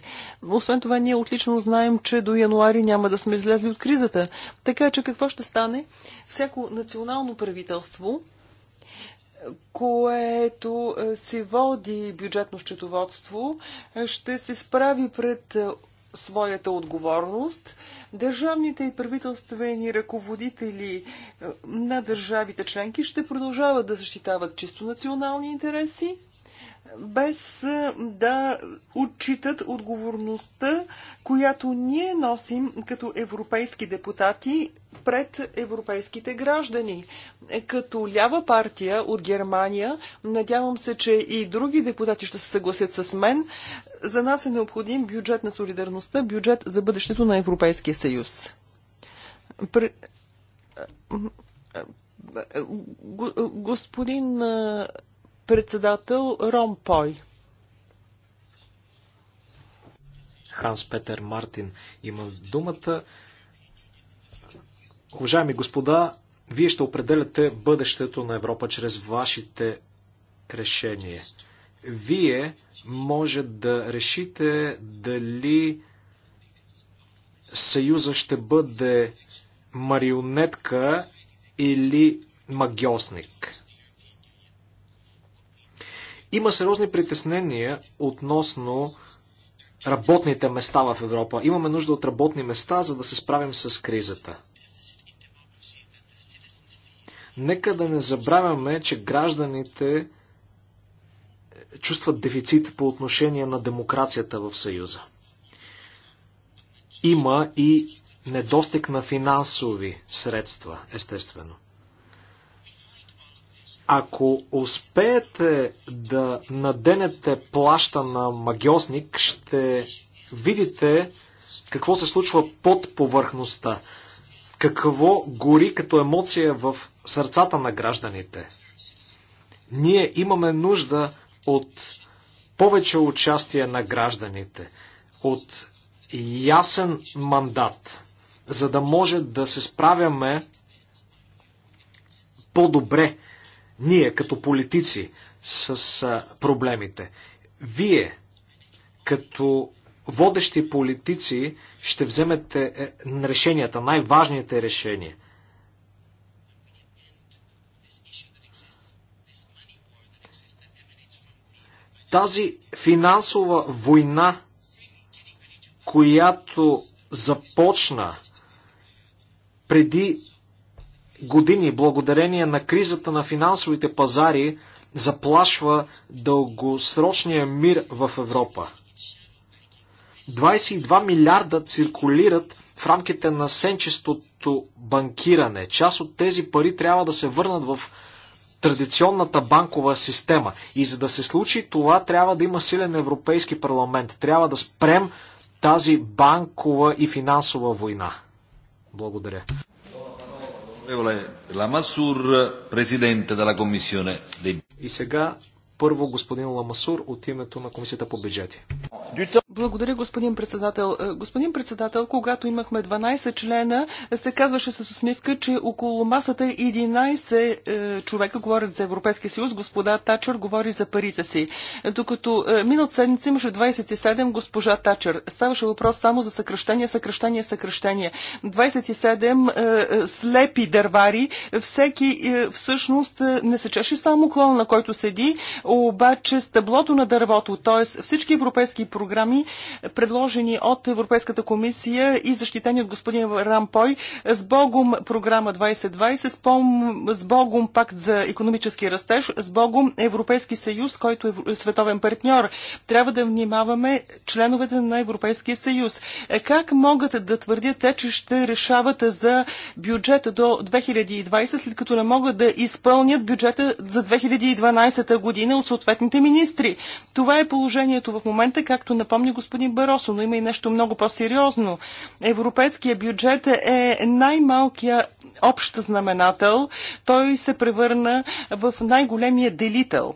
Освен това, ние отлично знаем, че до януари няма да сме излезли от кризата. Така че какво ще стане? Всяко национално правителство което е, си води бюджетно счетоводство, е, ще се справи пред е, своята отговорност. Държавните и правителствени ръководители е, на държавите членки ще продължават да защитават чисто национални интереси, без да отчитат отговорността, която ние носим като европейски депутати пред европейските граждани. Като лява партия от Германия, надявам се, че и други депутати ще се съгласят с мен, за нас е необходим бюджет на солидарността, бюджет за бъдещето на Европейския съюз. При... Господин председател Пой. Ханс Петер Мартин има думата. Уважаеми господа, вие ще определяте бъдещето на Европа чрез вашите решения. Вие може да решите дали Съюза ще бъде марионетка или магиосник. Има сериозни притеснения относно работните места в Европа. Имаме нужда от работни места, за да се справим с кризата. Нека да не забравяме, че гражданите чувстват дефицит по отношение на демокрацията в Съюза. Има и недостиг на финансови средства, естествено. Ако успеете да наденете плаща на магиосник, ще видите какво се случва под повърхността. Какво гори като емоция в сърцата на гражданите. Ние имаме нужда от повече участие на гражданите, от ясен мандат, за да може да се справяме по-добре ние като политици с проблемите. Вие като водещи политици ще вземете е, решенията, най-важните решения. Тази финансова война, която започна преди години, благодарение на кризата на финансовите пазари, заплашва дългосрочния мир в Европа. 22 милиарда циркулират в рамките на сенчестото банкиране. Част от тези пари трябва да се върнат в традиционната банкова система. И за да се случи това, трябва да има силен Европейски парламент. Трябва да спрем тази банкова и финансова война. Благодаря. И сега първо господин Ламасур от името на Комисията по бюджети. Благодаря, господин председател. Е, господин председател, когато имахме 12 члена, се казваше с усмивка, че около масата 11 е, човека говорят за Европейския съюз. Господа Тачър говори за парите си. Докато е, минал седмица имаше 27 госпожа Тачър. Ставаше въпрос само за съкръщение, съкръщение, съкръщение. 27 е, е, слепи дървари. Всеки е, всъщност не се чеше само клона, на който седи, обаче стъблото на дървото, т.е. всички европейски програми предложени от Европейската комисия и защитени от господин Рампой с Богом програма 2020, с, с Богом пакт за економически растеж, с Богом Европейски съюз, който е световен партньор. Трябва да внимаваме членовете на Европейския съюз. Е, как могат да твърдят те, че ще решават за бюджета до 2020, след като не могат да изпълнят бюджета за 2012 година от съответните министри? Това е положението в момента, както напомня господин Баросо, но има и нещо много по-сериозно. Европейския бюджет е най-малкия общ знаменател. Той се превърна в най-големия делител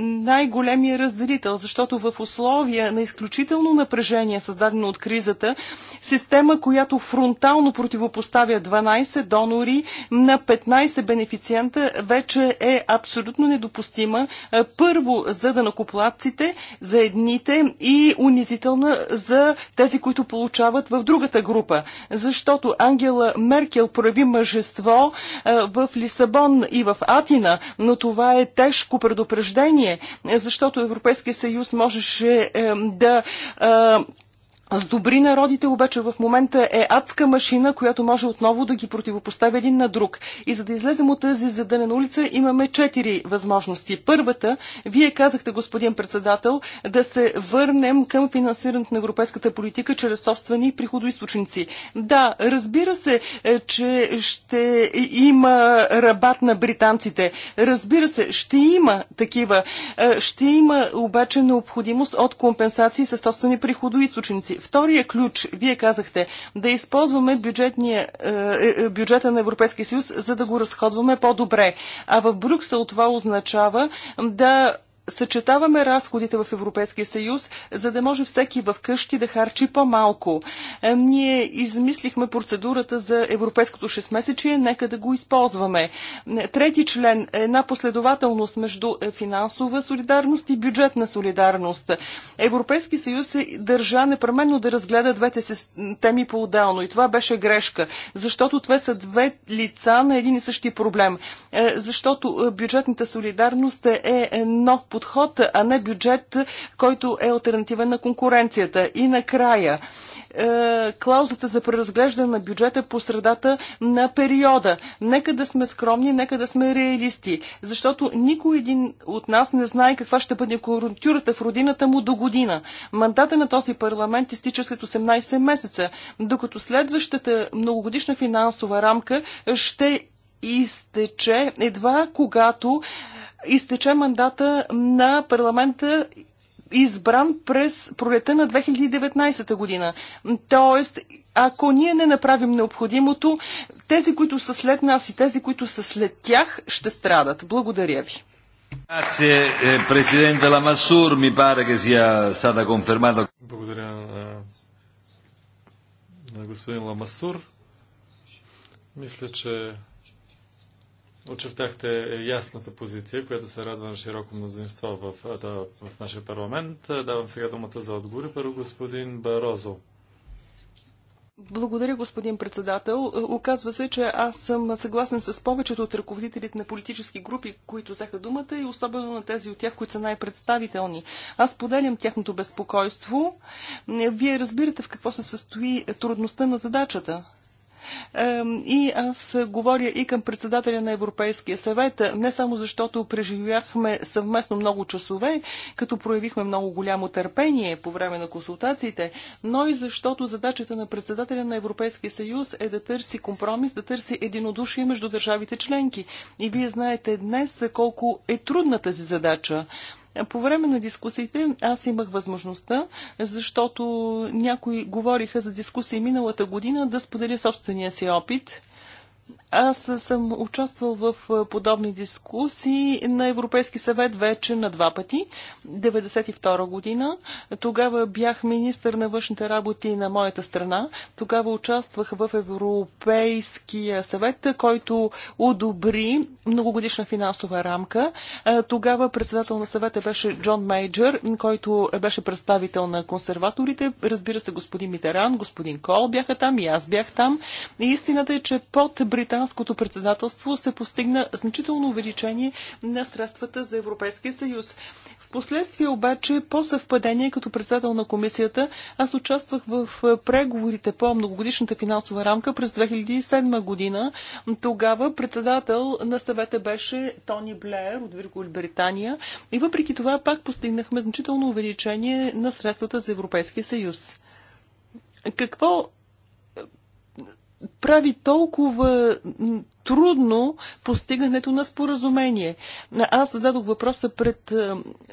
най-големия разделител, защото в условия на изключително напрежение, създадено от кризата, система, която фронтално противопоставя 12 донори на 15 бенефициента, вече е абсолютно недопустима. Първо за дънакоплатците, за едните и унизителна за тези, които получават в другата група. Защото Ангела Меркел прояви мъжество в Лисабон и в Атина, но това е тежко предупреждение освобождение, защото Европейския съюз можеше да с добри народите, обаче в момента е адска машина, която може отново да ги противопоставя един на друг. И за да излезем от тази задънена улица, имаме четири възможности. Първата, вие казахте, господин председател, да се върнем към финансирането на европейската политика чрез собствени приходоисточници. Да, разбира се, е, че ще има рабат на британците. Разбира се, ще има такива. Е, ще има обаче необходимост от компенсации със собствени приходоисточници. Втория ключ, вие казахте, да използваме бюджетния, е, е, бюджета на Европейския съюз, за да го разходваме по-добре. А в Брюксел това означава да съчетаваме разходите в Европейския съюз, за да може всеки в къщи да харчи по-малко. Е, ние измислихме процедурата за европейското 6-месечие, нека да го използваме. Е, трети член е една последователност между е, финансова солидарност и бюджетна солидарност. Европейски съюз се държа непременно да разгледа двете теми по-отделно и това беше грешка, защото това са две лица на един и същи проблем. Защото бюджетната солидарност е нов подход, а не бюджет, който е альтернативен на конкуренцията. И накрая, е, клаузата за преразглеждане на бюджета по средата на периода. Нека да сме скромни, нека да сме реалисти, защото никой един от нас не знае каква ще бъде конъюнктурата в родината му до година. Мандата на този парламент изтича след 18 месеца, докато следващата многогодишна финансова рамка ще изтече едва когато изтече мандата на парламента избран през пролета на 2019 година. Тоест, ако ние не направим необходимото, тези, които са след нас и тези, които са след тях, ще страдат. Благодаря ви. Eh, Благодаря на, на господин Ламасур. Мисля, че Очертахте ясната позиция, която се радва на широко мнозинство в, да, в нашия парламент. Давам сега думата за отговори. Първо господин Барозо. Благодаря, господин председател. Е, оказва се, че аз съм съгласен с повечето от ръководителите на политически групи, които взеха думата и особено на тези от тях, които са най-представителни. Аз поделям тяхното безпокойство. Е, вие разбирате в какво се състои трудността на задачата. И аз говоря и към председателя на Европейския съвет, е, не само защото преживяхме съвместно много часове, като проявихме много голямо търпение по време на консултациите, но и защото задачата на председателя на Европейския съюз е да търси компромис, да търси единодушие между държавите членки. И вие знаете днес колко е трудна тази задача. По време на дискусиите аз имах възможността, защото някои говориха за дискусии миналата година, да споделя собствения си опит – аз съм участвал в подобни дискусии на Европейски съвет вече на два пъти. 1992 година. Тогава бях министър на външните работи на моята страна. Тогава участвах в Европейския съвет, който одобри многогодишна финансова рамка. Тогава председател на съвета беше Джон Мейджър, който беше представител на консерваторите. Разбира се, господин Митеран, господин Кол бяха там и аз бях там. И истината е, че под британското председателство се постигна значително увеличение на средствата за Европейския съюз. Впоследствие обаче, по съвпадение, като председател на комисията, аз участвах в е, преговорите по многогодишната финансова рамка през 2007 година. Тогава председател на съвета беше Тони Блеер от Великобритания и въпреки това пак постигнахме значително увеличение на средствата за Европейския съюз. Какво прави толкова трудно постигането на споразумение. Аз зададох въпроса пред е,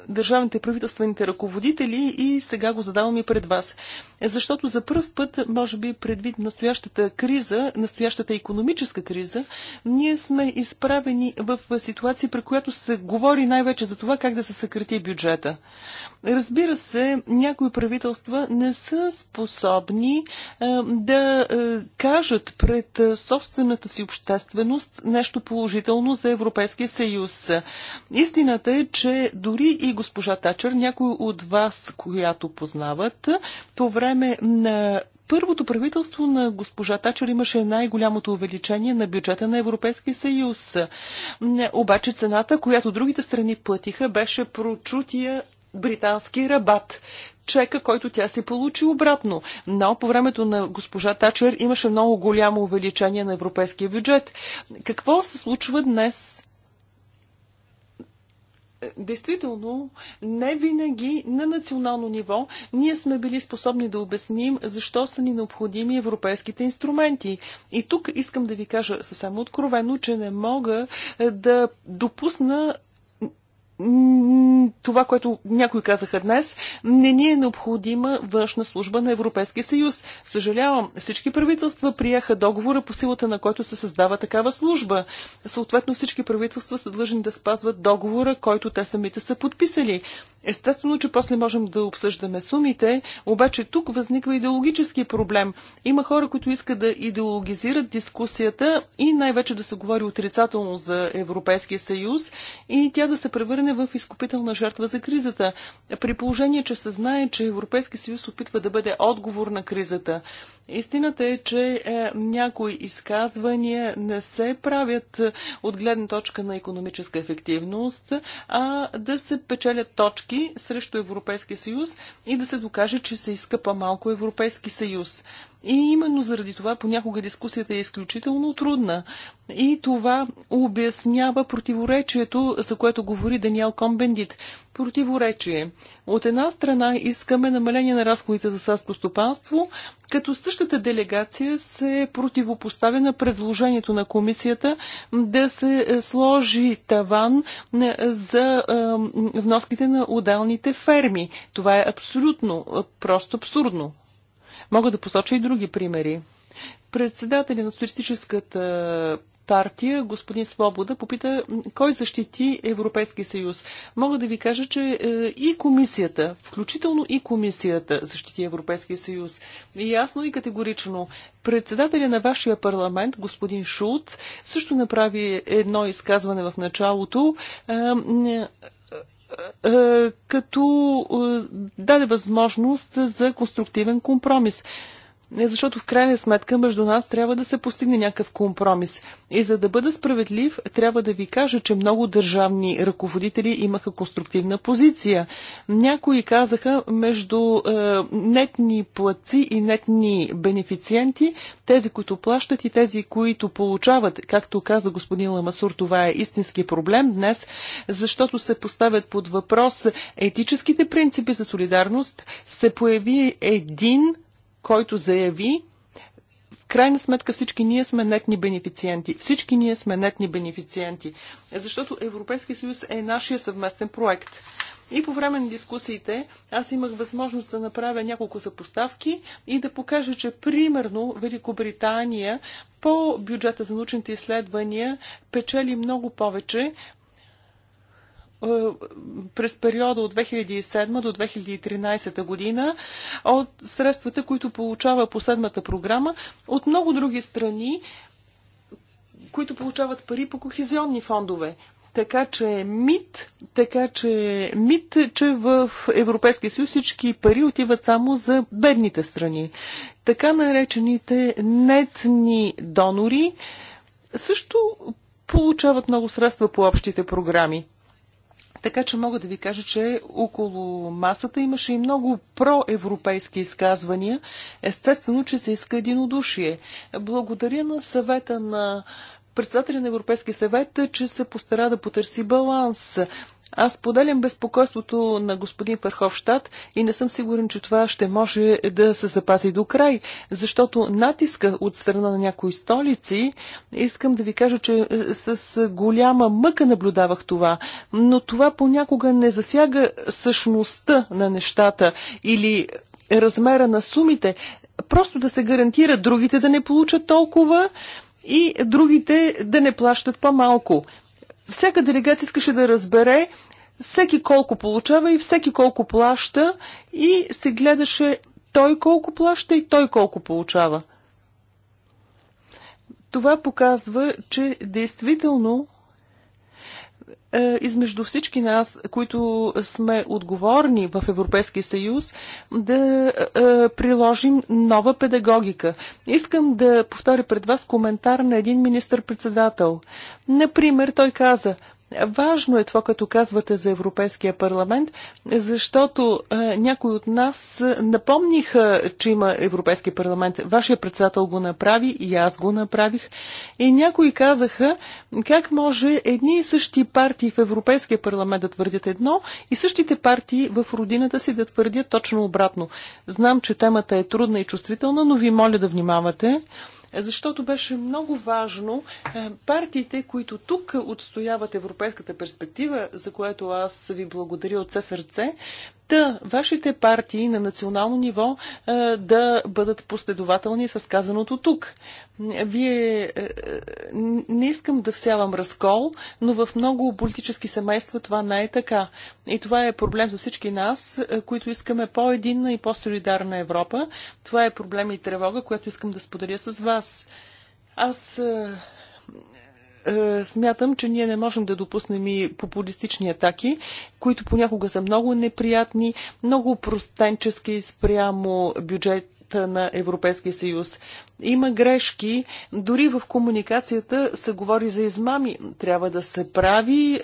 държавните правителствените ръководители и сега го задавам и пред вас. Защото за първ път, може би предвид настоящата криза, настоящата економическа криза, ние сме изправени в ситуация, при която се говори най-вече за това как да се съкрати бюджета. Разбира се, някои правителства не са способни е, да е, кажат пред е, собствената си общественост нещо положително за Европейския съюз. Истината е, че дори и госпожа Тачер, някой от вас, която познават, по време на първото правителство на госпожа Тачер имаше най-голямото увеличение на бюджета на Европейския съюз. Обаче цената, която другите страни платиха, беше прочутия британски рабат чека, който тя се получи обратно. Но по времето на госпожа Тачер имаше много голямо увеличение на европейския бюджет. Какво се случва днес? Действително, не винаги на национално ниво ние сме били способни да обясним защо са ни необходими европейските инструменти. И тук искам да ви кажа съвсем откровено, че не мога да допусна това, което някои казаха днес, не ни е необходима външна служба на Европейския съюз. Съжалявам, всички правителства приеха договора по силата на който се създава такава служба. Съответно всички правителства са длъжни да спазват договора, който те самите са подписали. Естествено, че после можем да обсъждаме сумите, обаче тук възниква идеологически проблем. Има хора, които искат да идеологизират дискусията и най-вече да се говори отрицателно за Европейския съюз и тя да се превърне в изкупителна жертва за кризата. При положение, че се знае, че Европейския съюз опитва да бъде отговор на кризата. Истината е, че е, някои изказвания не се правят е, от гледна точка на економическа ефективност, а да се печелят точки критики срещу Европейския съюз и да се докаже, че се изкъпа малко Европейски съюз. И именно заради това понякога дискусията е изключително трудна. И това обяснява противоречието, за което говори Даниел Комбендит. Противоречие. От една страна искаме намаление на разходите за САСКО стопанство, като същата делегация се противопоставя на предложението на комисията да се сложи таван за вноските на отделните ферми. Това е абсолютно, просто абсурдно. Мога да посоча и други примери. Председателя на Социалистическата партия, господин Свобода, попита кой защити Европейски съюз. Мога да ви кажа, че е, и комисията, включително и комисията защити Европейския съюз. Ясно и категорично. Председателя на вашия парламент, господин Шулц, също направи едно изказване в началото е, е, като е, даде възможност за конструктивен компромис защото в крайна сметка между нас трябва да се постигне някакъв компромис. И за да бъда справедлив, трябва да ви кажа, че много държавни ръководители имаха конструктивна позиция. Някои казаха между е, нетни платци и нетни бенефициенти, тези, които плащат и тези, които получават. Както каза господин Ламасур, това е истински проблем днес, защото се поставят под въпрос етическите принципи за солидарност. Се появи един който заяви, в крайна сметка всички ние сме нетни бенефициенти. Всички ние сме нетни бенефициенти, защото Европейския съюз е нашия съвместен проект. И по време на дискусиите аз имах възможност да направя няколко съпоставки и да покажа, че примерно Великобритания по бюджета за научните изследвания печели много повече, е, през периода от 2007 до 2013 година от средствата, които получава по седмата програма от много други страни, които получават пари по кохезионни фондове. Така че е мит, така че е мит, че в Европейския съюз всички пари отиват само за бедните страни. Така наречените нетни донори също получават много средства по общите програми. Така че мога да ви кажа, че около масата имаше и много проевропейски изказвания. Естествено, че се иска единодушие. Благодаря на съвета на председателя на Европейския съвет, че се постара да потърси баланс. Аз поделям безпокойството на господин Ферховщад и не съм сигурен, че това ще може да се запази до край, защото натиска от страна на някои столици, искам да ви кажа, че е, с голяма мъка наблюдавах това, но това понякога не засяга същността на нещата или размера на сумите, просто да се гарантира другите да не получат толкова и другите да не плащат по-малко всяка делегация искаше да разбере всеки колко получава и всеки колко плаща и се гледаше той колко плаща и той колко получава. Това показва, че действително е, измежду всички нас, които сме отговорни в Европейския съюз, да е, приложим нова педагогика. Искам да повторя пред вас коментар на един министър-председател. Например, той каза – Важно е това, като казвате за Европейския парламент, защото е, някои от нас напомниха, че има Европейски парламент. Вашия председател го направи и аз го направих. И някои казаха как може едни и същи партии в Европейския парламент да твърдят едно и същите партии в родината си да твърдят точно обратно. Знам, че темата е трудна и чувствителна, но ви моля да внимавате защото беше много важно е, партиите, които тук отстояват европейската перспектива, за което аз ви благодаря от все сърце, Та, вашите партии на национално ниво е, да бъдат последователни с казаното тук. Вие е, е, не искам да всявам разкол, но в много политически семейства това не е така. И това е проблем за всички нас, които искаме по-единна и по-солидарна Европа. Това е проблем и тревога, която искам да споделя с вас. Аз е, смятам, че ние не можем да допуснем и популистични атаки, които понякога са много неприятни, много простенчески спрямо бюджет на Европейския съюз. Има грешки. Дори в комуникацията се говори за измами. Трябва да се прави е,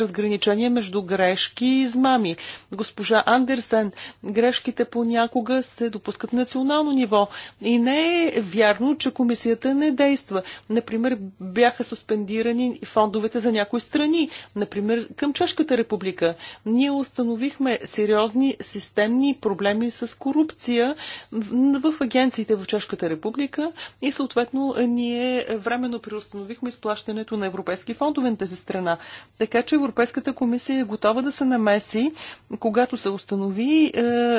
разграничение между грешки и измами. Госпожа Андерсен, грешките понякога се допускат национално ниво. И не е вярно, че комисията не действа. Например, бяха суспендирани фондовете за някои страни. Например, към Чешката република. Ние установихме сериозни системни проблеми с корупция в агенциите в Чешката република република и съответно ние временно приустановихме изплащането на европейски фондове на тази страна. Така че Европейската комисия е готова да се намеси, когато се, установи,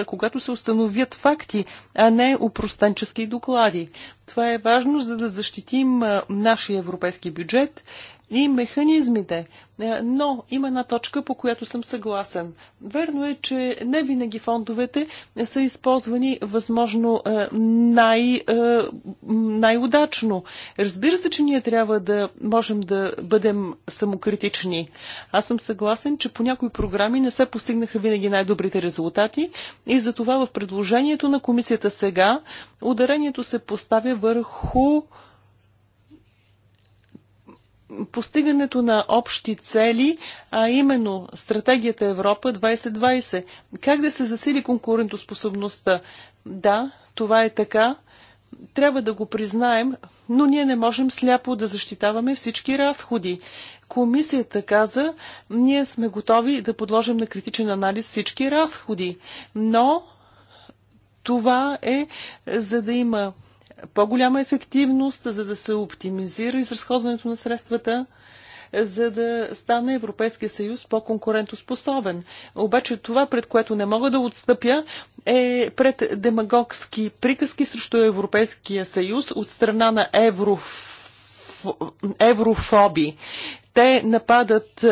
когато се установят факти, а не упростенчески доклади. Това е важно, за да защитим нашия европейски бюджет и механизмите. Е, но има една точка, по която съм съгласен. Верно е, че не винаги фондовете са използвани възможно е, най, е, най-удачно. Разбира се, че ние трябва да можем да бъдем самокритични. Аз съм съгласен, че по някои програми не се постигнаха винаги най-добрите резултати и затова в предложението на комисията сега ударението се поставя върху постигането на общи цели, а именно стратегията Европа 2020. Как да се засили конкурентоспособността? Да, това е така. Трябва да го признаем, но ние не можем сляпо да защитаваме всички разходи. Комисията каза, ние сме готови да подложим на критичен анализ всички разходи, но това е за да има по-голяма ефективност, за да се оптимизира изразходването на средствата, за да стане Европейския съюз по-конкурентоспособен. Обаче това, пред което не мога да отстъпя, е пред демагогски приказки срещу Европейския съюз от страна на евроф... еврофоби. Те нападат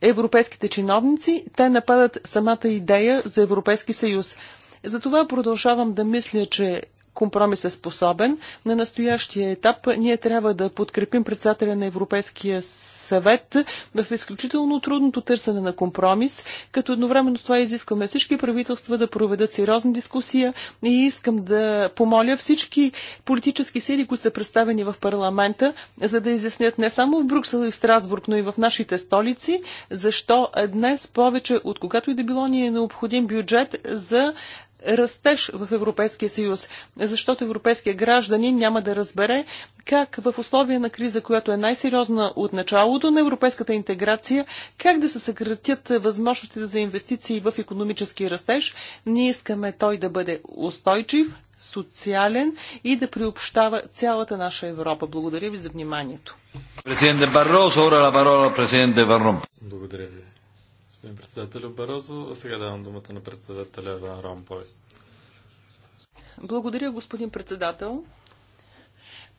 европейските чиновници, те нападат самата идея за Европейски съюз. Затова продължавам да мисля, че компромис е способен. На настоящия етап ние трябва да подкрепим председателя на Европейския съвет в изключително трудното търсене на компромис, като едновременно с това изискваме всички правителства да проведат сериозна дискусия и искам да помоля всички политически сили, които са представени в парламента, за да изяснят не само в Брюксел и в Страсбург, но и в нашите столици, защо днес повече от когато и да било ни е необходим бюджет за растеж в Европейския съюз, защото европейския гражданин няма да разбере как в условия на криза, която е най-сериозна от началото на европейската интеграция, как да се съкратят възможностите за инвестиции в економически растеж. Ние искаме той да бъде устойчив, социален и да приобщава цялата наша Европа. Благодаря ви за вниманието. Благодаря ви, господин председател Барозо. Сега давам думата на председателя Ван Ромпой. Благодаря, господин председател.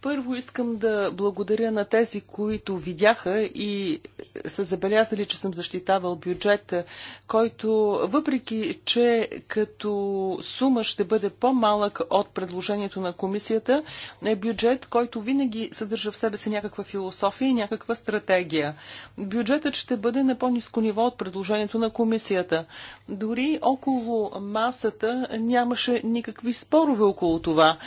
Първо искам да благодаря на тези, които видяха и са забелязали, че съм защитавал бюджета, който въпреки, че като сума ще бъде по-малък от предложението на комисията, е бюджет, който винаги съдържа в себе си някаква философия и някаква стратегия. Бюджетът ще бъде на по-низко ниво от предложението на комисията. Дори около масата нямаше никакви спорове около това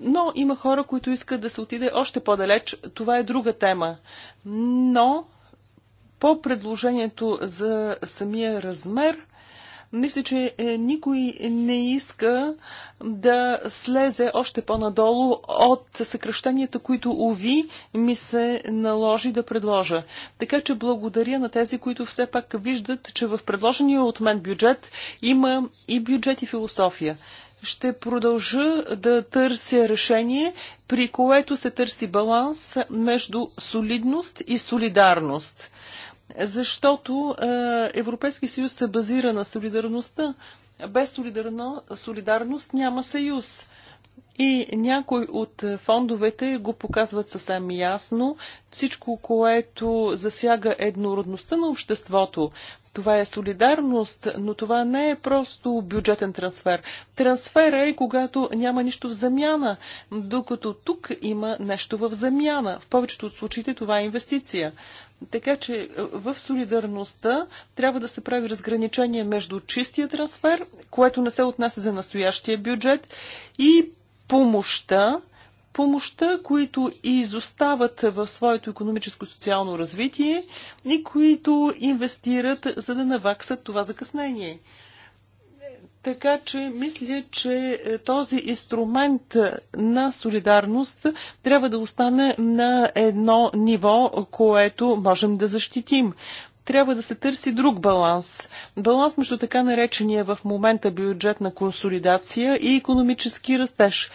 но има хора, които искат да се отиде още по-далеч. Това е друга тема. Но по предложението за самия размер, мисля, че е, никой не иска да слезе още по-надолу от съкръщенията, които ОВИ ми се наложи да предложа. Така че благодаря на тези, които все пак виждат, че в предложения от мен бюджет има и бюджет и философия ще продължа да търся решение, при което се търси баланс между солидност и солидарност. Защото е, Европейски съюз се базира на солидарността. Без солидарно, солидарност няма съюз. И някои от фондовете го показват съвсем ясно. Всичко, което засяга еднородността на обществото, това е солидарност, но това не е просто бюджетен трансфер. Трансфер е, когато няма нищо в замяна, докато тук има нещо в замяна. В повечето от случаите това е инвестиция. Така че е, в солидарността трябва да се прави разграничение между чистия трансфер, което не се отнася за настоящия бюджет, и помощта, помощта, които изостават в своето економическо и социално развитие и които инвестират, за да наваксат това закъснение. Така че мисля, че е, този инструмент на солидарност трябва да остане на едно ниво, което можем да защитим трябва да се търси друг баланс. Баланс между така наречения в момента бюджет на консолидация и економически растеж.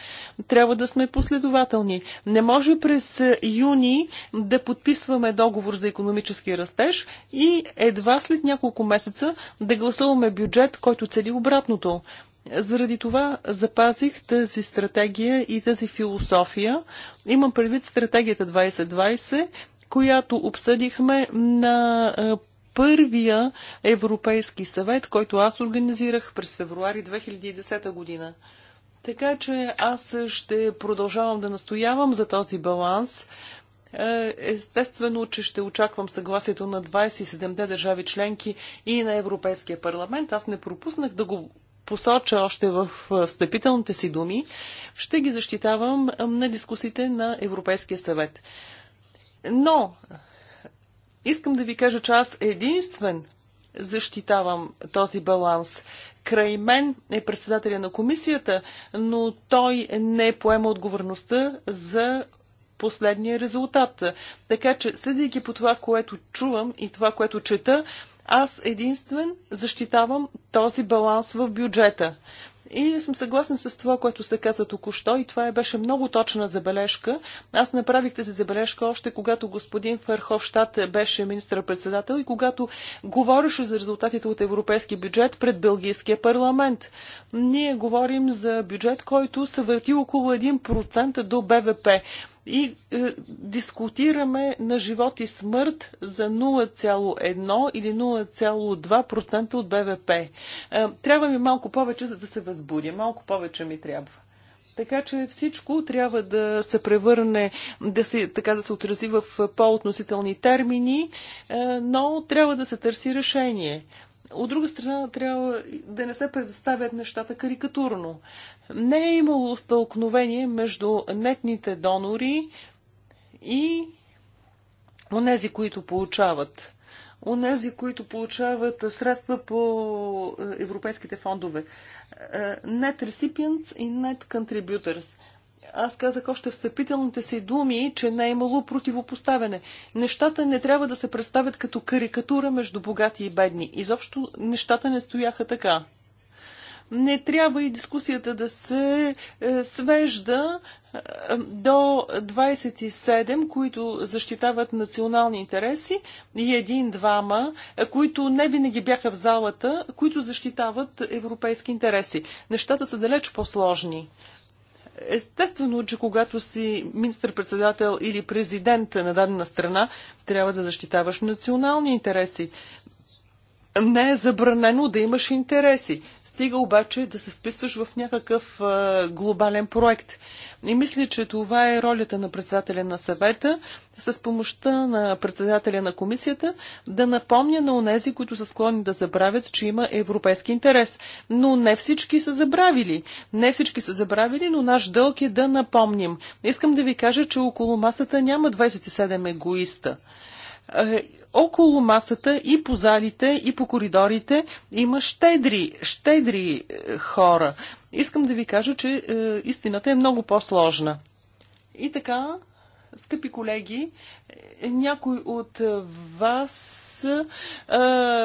Трябва да сме последователни. Не може през юни да подписваме договор за економически растеж и едва след няколко месеца да гласуваме бюджет, който цели обратното. Заради това запазих тази стратегия и тази философия. Имам предвид стратегията 2020 която обсъдихме на първия Европейски съвет, който аз организирах през февруари 2010 година. Така че аз ще продължавам да настоявам за този баланс. Естествено, че ще очаквам съгласието на 27-те държави членки и на Европейския парламент. Аз не пропуснах да го посоча още в стъпителните си думи. Ще ги защитавам на дискусите на Европейския съвет. Но искам да ви кажа, че аз единствен защитавам този баланс. Край мен е председателя на комисията, но той не поема отговорността за последния резултат. Така че, съдейки по това, което чувам и това, което чета, аз единствен защитавам този баланс в бюджета. И съм съгласна с това, което се каза току-що и това е беше много точна забележка. Аз направих тази забележка още когато господин Ферховщат беше министър-председател и когато говореше за резултатите от европейски бюджет пред Белгийския парламент. Ние говорим за бюджет, който се върти около 1% до БВП и е, дискутираме на живот и смърт за 0,1 или 0,2% от БВП. Е, трябва ми малко повече, за да се възбудя. Малко повече ми трябва. Така че всичко трябва да се превърне, да се, така да се отрази в по-относителни термини, е, но трябва да се търси решение. От друга страна, трябва да не се представят нещата карикатурно не е имало стълкновение между нетните донори и онези, които получават. Онези, които получават средства по е, европейските фондове. Е, net recipients и net contributors. Аз казах още встъпителните си думи, че не е имало противопоставяне. Нещата не трябва да се представят като карикатура между богати и бедни. Изобщо нещата не стояха така. Не трябва и дискусията да се е, свежда е, до 27, които защитават национални интереси и един-двама, е, които не винаги бяха в залата, които защитават европейски интереси. Нещата са далеч по-сложни. Естествено, че когато си министр-председател или президент на дадена страна, трябва да защитаваш национални интереси. Не е забранено да имаш интереси. Стига обаче да се вписваш в някакъв глобален проект. И мисля, че това е ролята на председателя на съвета, с помощта на председателя на комисията, да напомня на онези, които са склонни да забравят, че има европейски интерес. Но не всички са забравили. Не всички са забравили, но наш дълг е да напомним. Искам да ви кажа, че около масата няма 27 егоиста. Е, около масата и по залите и по коридорите има щедри, щедри е, хора. Искам да ви кажа, че е, истината е много по-сложна. И така, скъпи колеги, някои от вас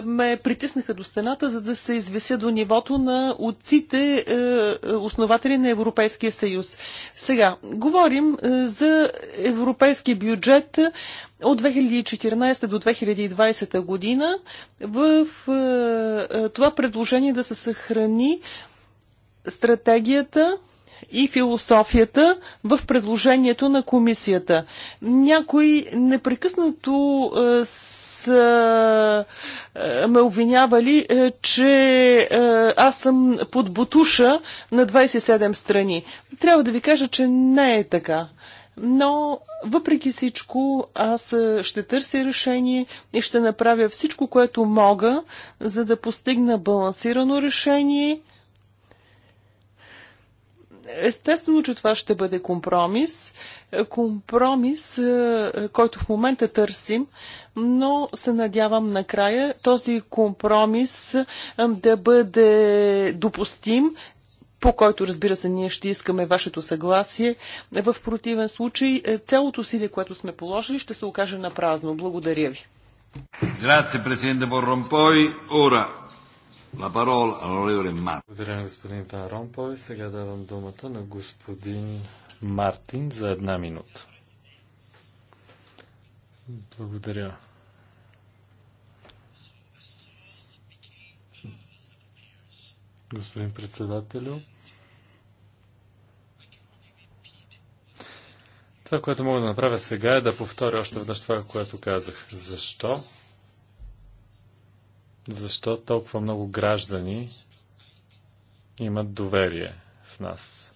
ме притиснаха до стената, за да се извеся до нивото на отците основатели на Европейския съюз. Сега, говорим за европейски бюджет от 2014 до 2020 година в е, е, това предложение да се съхрани стратегията и философията в предложението на комисията. Някои непрекъснато е, са ме обвинявали, че аз съм под бутуша на 27 страни. Трябва да ви кажа, че не е така. Но въпреки всичко, аз е, ще търся решение и ще направя всичко, което мога, за да постигна балансирано решение. Естествено, че това ще бъде компромис. Компромис, е, който в момента търсим, но се надявам накрая този компромис е, да бъде допустим, по който, разбира се, ние ще искаме вашето съгласие. В противен случай, е, цялото усилие, което сме положили, ще се окаже на празно. Благодаря ви. Грация, президент Van Rompuy. Ora la parola all'onorevole Martin. Благодаря господин Ван Ромпой. Сега давам думата на господин Мартин за една минута. Благодаря. Господин председателю, Това, което мога да направя сега е да повторя още веднъж това, което казах. Защо? Защо толкова много граждани имат доверие в нас?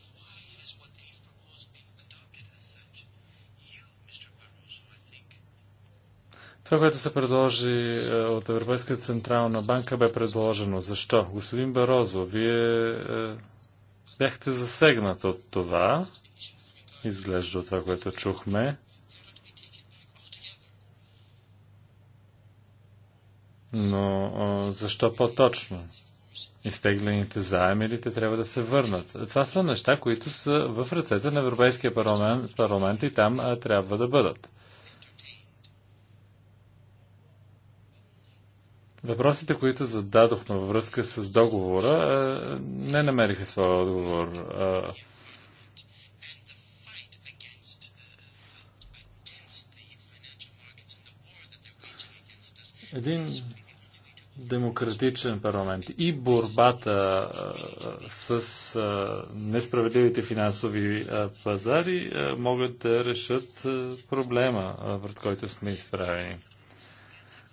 Това, което се предложи е, от Европейската централна банка, бе предложено. Защо? Господин Барозо, вие е, бяхте засегнат от това изглежда от това, което чухме. Но а, защо по-точно? Изтеглените заемилите трябва да се върнат. Това са неща, които са в ръцете на Европейския парламент, парламент и там а, трябва да бъдат. Въпросите, които зададохме във връзка с договора, а, не намериха своя отговор. А, един демократичен парламент и борбата с несправедливите финансови пазари могат да решат проблема, пред който сме изправени.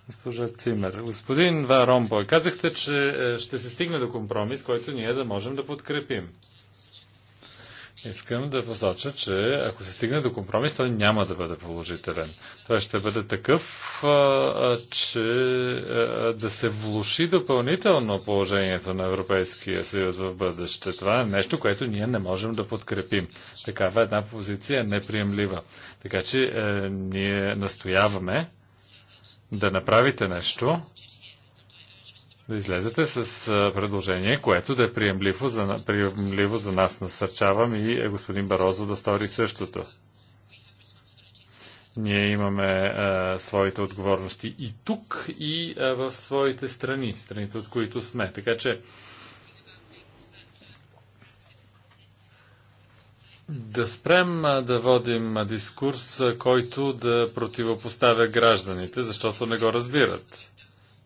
Госпожа Цимер, господин Варомбой, казахте, че ще се стигне до компромис, който ние да можем да подкрепим. Искам да посоча, че ако се стигне до компромис, той няма да бъде положителен. Той ще бъде такъв, че да се влуши допълнително положението на Европейския съюз в бъдеще. Това е нещо, което ние не можем да подкрепим. Такава една позиция е неприемлива. Така че е, ние настояваме да направите нещо, да излезете с предложение, което да е приемливо за, приемливо за нас. Насърчавам и е, господин Барозо да стори същото. Ние имаме а, своите отговорности и тук, и а, в своите страни, страните от които сме. Така че да спрем да водим дискурс, който да противопоставя гражданите, защото не го разбират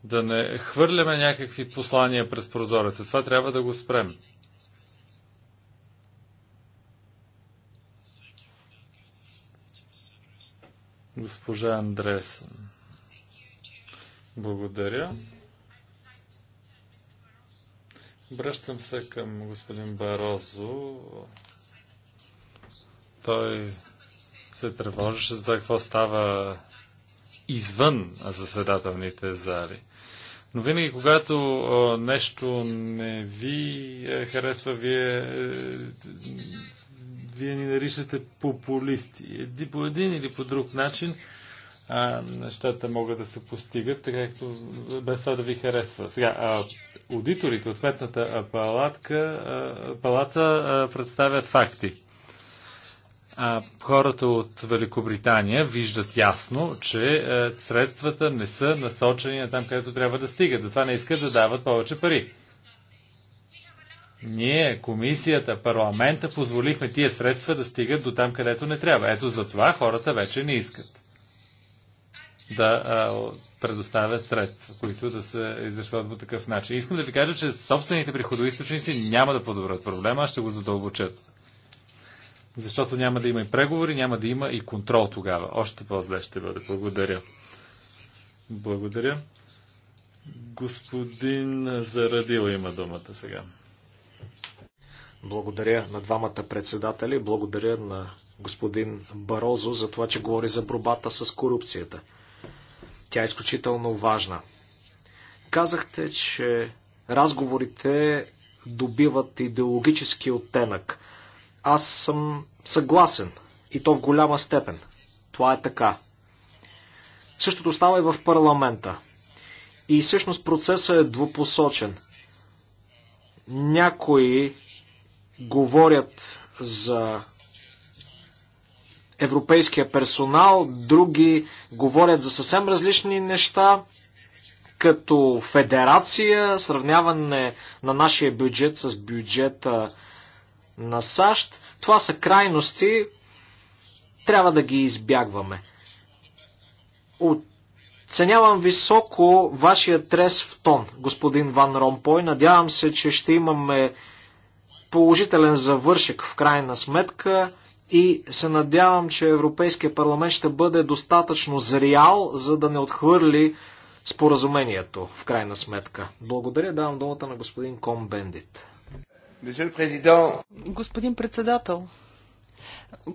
да не хвърляме някакви послания през прозореца. Това трябва да го спрем. Госпожа Андресен. Благодаря. Връщам се към господин Барозо. Той се тревожеше за какво става извън заседателните зали. Но винаги, когато а, нещо не ви е, харесва, вие, е, вие ни наричате популисти. Еди по един или по друг начин а, нещата могат да се постигат, така както без това да ви харесва. Сега, а, аудиторите от Сметната палатка, а, палата а, представят факти а, хората от Великобритания виждат ясно, че а, е, средствата не са насочени на там, където трябва да стигат. Затова не искат да дават повече пари. Ние, комисията, парламента, позволихме тия средства да стигат до там, където не трябва. Ето за това хората вече не искат да а, предоставят средства, които да се изразходват по такъв начин. Искам да ви кажа, че собствените приходоисточници няма да подобрят проблема, а ще го задълбочат защото няма да има и преговори, няма да има и контрол тогава. Още по-зле ще бъде. Благодаря. Благодаря. Господин Зарадил има думата сега. Благодаря на двамата председатели, благодаря на господин Барозо за това, че говори за борбата с корупцията. Тя е изключително важна. Казахте, че разговорите добиват идеологически оттенък. Аз съм съгласен. И то в голяма степен. Това е така. Същото става и в парламента. И всъщност процесът е двупосочен. Някои говорят за европейския персонал, други говорят за съвсем различни неща, като федерация, сравняване на нашия бюджет с бюджета на САЩ. Това са крайности, трябва да ги избягваме. Оценявам високо вашия трес в тон, господин Ван Ромпой. Надявам се, че ще имаме положителен завършек в крайна сметка и се надявам, че Европейския парламент ще бъде достатъчно зрял, за да не отхвърли споразумението в крайна сметка. Благодаря, давам думата на господин Ком Бендит. Господин председател,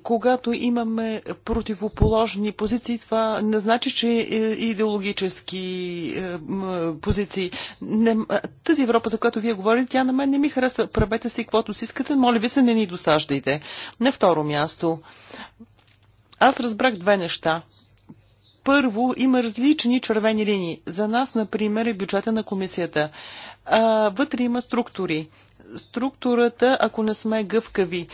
когато имаме противоположни позиции, това не значи, че е, идеологически е, позиции. тази Европа, за която вие говорите, тя на мен не ми харесва. Правете си каквото си искате, моля ви се, не ни досаждайте. На второ място, аз разбрах две неща. Първо, има различни червени линии. За нас, например, е бюджета на комисията. вътре има структури структурата, ако не сме гъвкави.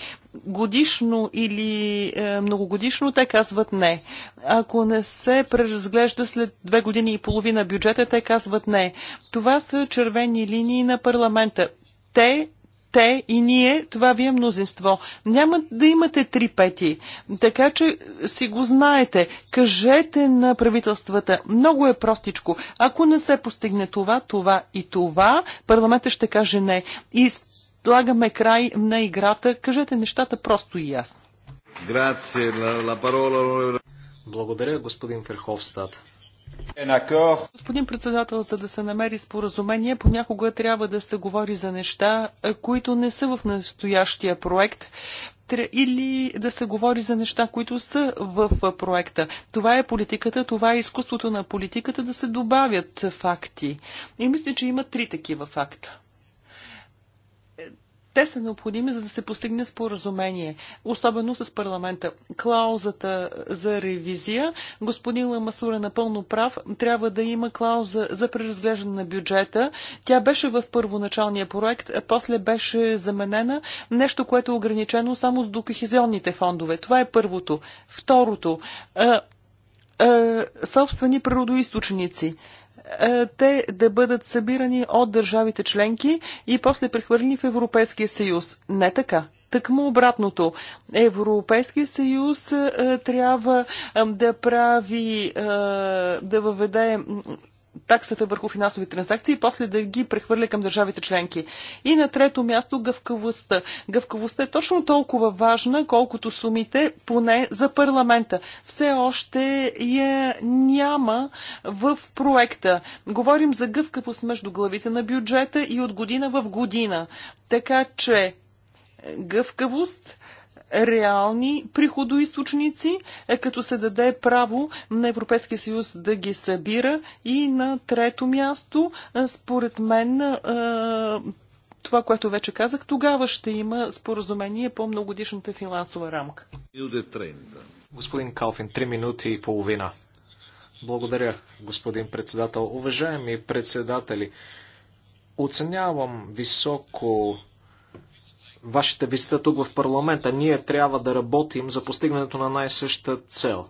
Годишно или е, многогодишно, те казват не. Ако не се преразглежда след две години и половина бюджета, те казват не. Това са червени линии на парламента. Те те и ние, това ви е мнозинство. Няма да имате три пети. Така че си го знаете. Кажете на правителствата. Много е простичко. Ако не се постигне това, това и това, парламентът ще каже не. И слагаме край на играта. Кажете нещата просто и ясно. Благодаря, господин Ферховстат. Господин председател, за да се намери споразумение, понякога трябва да се говори за неща, е, които не са в настоящия проект или да се говори за неща, които са в проекта. Това е политиката, това е изкуството на политиката да се добавят факти. И мисля, че има три такива факта. Те са необходими, за да се постигне споразумение, особено с парламента. Клаузата за ревизия, господин Ламасура е напълно прав, трябва да има клауза за преразглеждане на бюджета. Тя беше в първоначалния проект, а после беше заменена нещо, което е ограничено само до кохезионните фондове. Това е първото. Второто. Е, е, собствени природоисточници. Е, те да бъдат събирани от държавите членки и после прехвърлени в Европейския съюз. Не така. Тъкмо обратното. Европейския съюз е, трябва да прави, е, да въведе таксата върху финансови транзакции и после да ги прехвърля към държавите членки. И на трето място гъвкавостта. Гъвкавостта е точно толкова важна, колкото сумите, поне за парламента. Все още я няма в проекта. Говорим за гъвкавост между главите на бюджета и от година в година. Така че гъвкавост, реални приходоисточници, е, като се даде право на Европейския съюз да ги събира. И на трето място, е, според мен, е, това, което вече казах, тогава ще има споразумение по многодишната финансова рамка. Господин Калфин, три минути и половина. Благодаря, господин председател. Уважаеми председатели, оценявам високо Вашите визита тук в парламента. Ние трябва да работим за постигането на най-съща цел.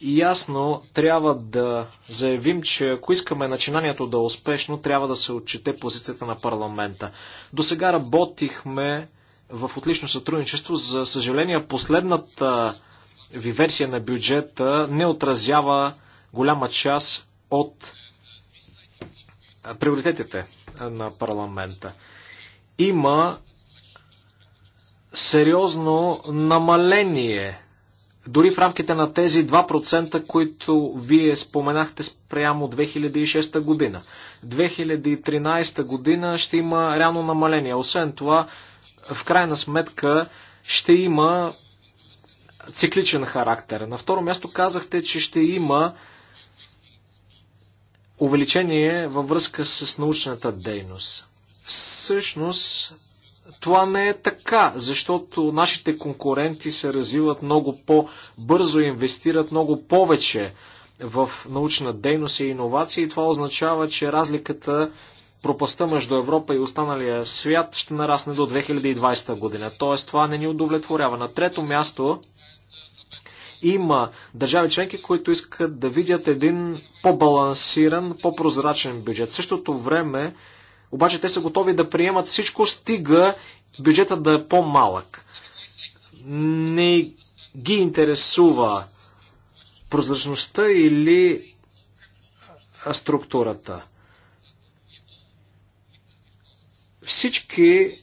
И ясно трябва да заявим, че ако искаме начинанието да е успешно, трябва да се отчете позицията на парламента. До сега работихме в отлично сътрудничество. За съжаление, последната ви версия на бюджета не отразява голяма част от приоритетите на парламента има сериозно намаление, дори в рамките на тези 2%, които вие споменахте спрямо 2006 година. 2013 година ще има реално намаление. Освен това, в крайна сметка ще има цикличен характер. На второ място казахте, че ще има увеличение във връзка с научната дейност. Всъщност, това не е така, защото нашите конкуренти се развиват много по-бързо, инвестират много повече в научна дейност и иновации. това означава, че разликата пропаста между Европа и останалия свят ще нарасне до 2020 година. Тоест това не ни удовлетворява. На трето място има държави членки, които искат да видят един по-балансиран, по-прозрачен бюджет. В същото време обаче те са готови да приемат всичко, стига бюджета да е по-малък. Не ги интересува прозрачността или структурата. Всички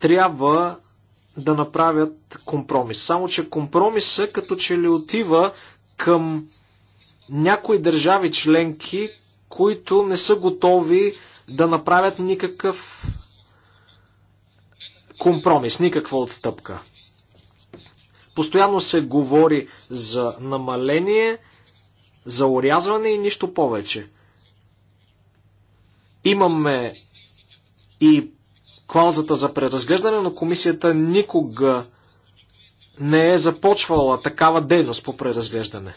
трябва да направят компромис. Само, че компромиса като че ли отива към някои държави членки, които не са готови да направят никакъв компромис, никаква отстъпка. Постоянно се говори за намаление, за урязване и нищо повече. Имаме и клаузата за преразглеждане, но комисията никога не е започвала такава дейност по преразглеждане.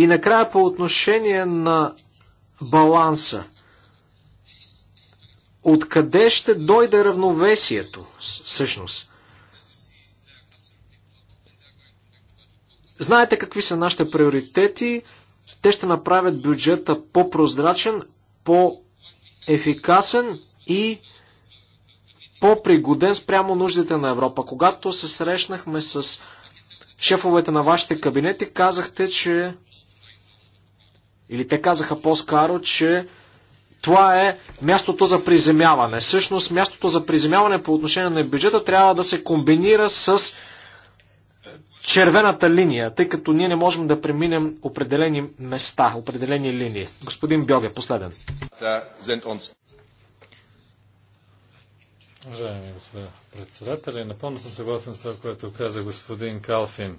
И накрая по отношение на баланса. Откъде ще дойде равновесието, всъщност? Знаете какви са нашите приоритети. Те ще направят бюджета по-прозрачен, по-ефикасен и по-пригоден спрямо нуждите на Европа. Когато се срещнахме с шефовете на вашите кабинети, казахте, че или те казаха по-скаро, че това е мястото за приземяване. Всъщност мястото за приземяване по отношение на бюджета трябва да се комбинира с е, червената линия, тъй като ние не можем да преминем определени места, определени линии. Господин Бьоге, последен. Уважаеми господин председател, напълно съм съгласен с това, което каза господин Калфин.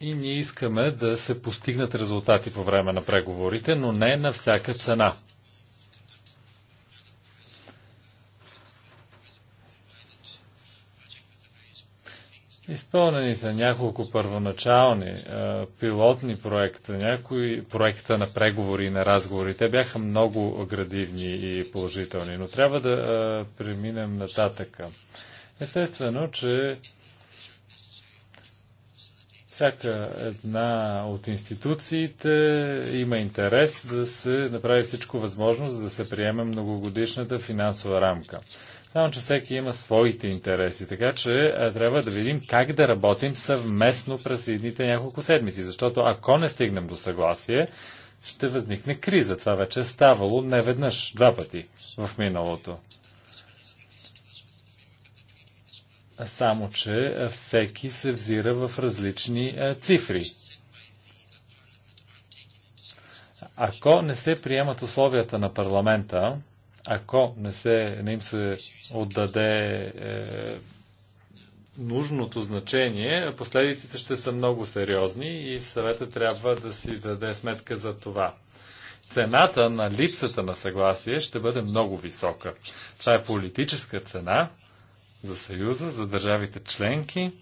И ние искаме да се постигнат резултати по време на преговорите, но не на всяка цена. Изпълнени са няколко първоначални а, е, пилотни проекта, някои проекта на преговори и на разговори. Те бяха много градивни и положителни, но трябва да а, е, преминем нататъка. Естествено, че всяка една от институциите има интерес да се направи всичко възможно, за да се приеме многогодишната финансова рамка. Само, че всеки има своите интереси, така че е, трябва да видим как да работим съвместно през едните няколко седмици, защото ако не стигнем до съгласие, ще възникне криза. Това вече е ставало не веднъж, два пъти в миналото. Само, че всеки се взира в различни цифри. Ако не се приемат условията на парламента, ако не, се, не им се отдаде е, нужното значение, последиците ще са много сериозни и съвета трябва да си даде сметка за това. Цената на липсата на съгласие ще бъде много висока. Това е политическа цена, за Съюза, за държавите членки,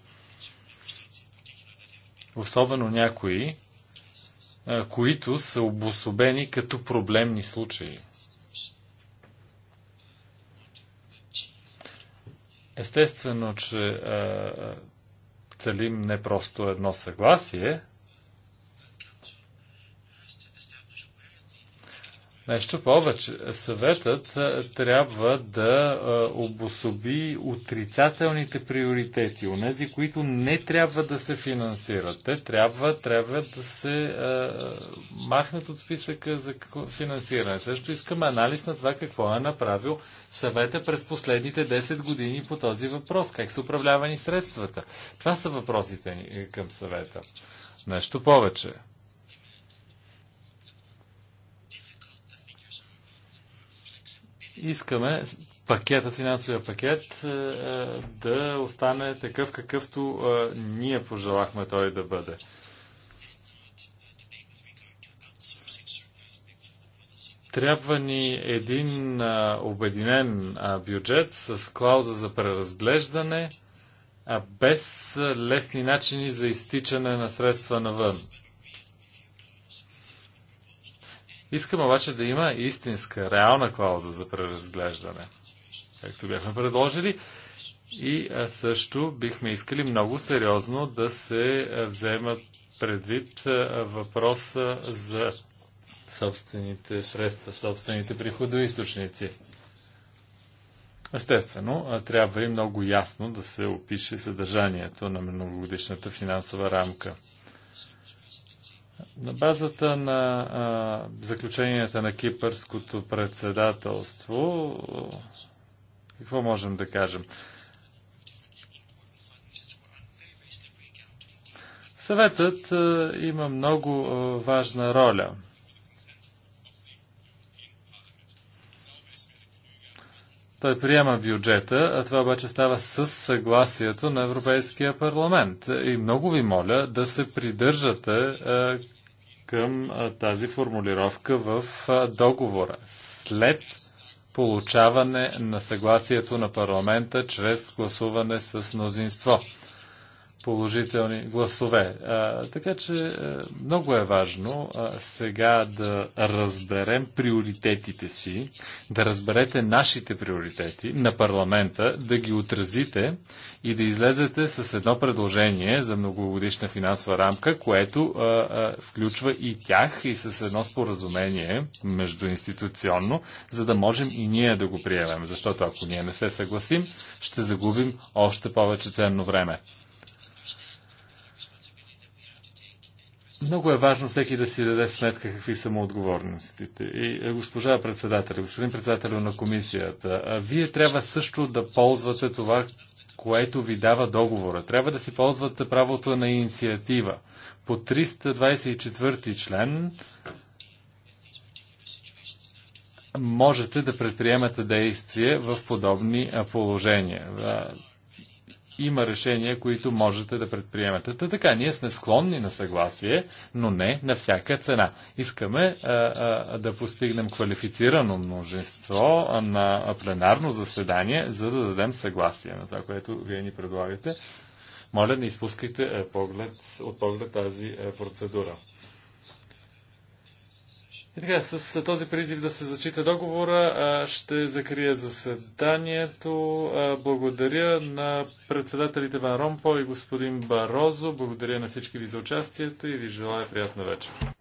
особено някои, които са обособени като проблемни случаи. Естествено, че целим не просто едно съгласие, Нещо повече, съветът трябва да обособи отрицателните приоритети, онези, които не трябва да се финансират. Те трябва, трябва да се а, махнат от списъка за финансиране. Също искаме анализ на това какво е направил съвета през последните 10 години по този въпрос, как са управлявани средствата. Това са въпросите ни е, към съвета. Нещо повече. искаме пакета, финансовия пакет е, е, да остане такъв, какъвто е, ние пожелахме той да бъде. Трябва ни един обединен бюджет с клауза за преразглеждане, а без лесни начини за изтичане на средства навън. Искам обаче да има истинска, реална клауза за преразглеждане, както бяхме предложили. И също бихме искали много сериозно да се вземат предвид въпроса за собствените средства, собствените приходоисточници. Естествено, трябва и много ясно да се опише съдържанието на многогодишната финансова рамка. На базата на а, заключенията на кипърското председателство, какво можем да кажем? Съветът а, има много а, важна роля. Той приема бюджета, а това обаче става с съгласието на Европейския парламент. И много ви моля да се придържате към тази формулировка в договора. След получаване на съгласието на парламента чрез гласуване с мнозинство положителни гласове. А, така че а, много е важно а, сега да разберем приоритетите си, да разберете нашите приоритети на парламента, да ги отразите и да излезете с едно предложение за многогодишна финансова рамка, което а, а, включва и тях и с едно споразумение междуинституционно, за да можем и ние да го приемем. Защото ако ние не се съгласим, ще загубим още повече ценно време. Много е важно всеки да си даде сметка какви са му отговорностите. И е, госпожа председател, господин председател на комисията, вие трябва също да ползвате това, което ви дава договора. Трябва да си ползвате правото на инициатива. По 324 член можете да предприемате действие в подобни положения има решения, които можете да предприемете. Та така, ние сме склонни на съгласие, но не на всяка цена. Искаме а, а, да постигнем квалифицирано множество на пленарно заседание, за да дадем съгласие на това, което вие ни предлагате. Моля, не изпускайте е, поглед, от поглед тази е, процедура. И така, с този призив да се зачита договора, ще закрия заседанието. Благодаря на председателите Ван Ромпо и господин Барозо. Благодаря на всички ви за участието и ви желая приятна вечер.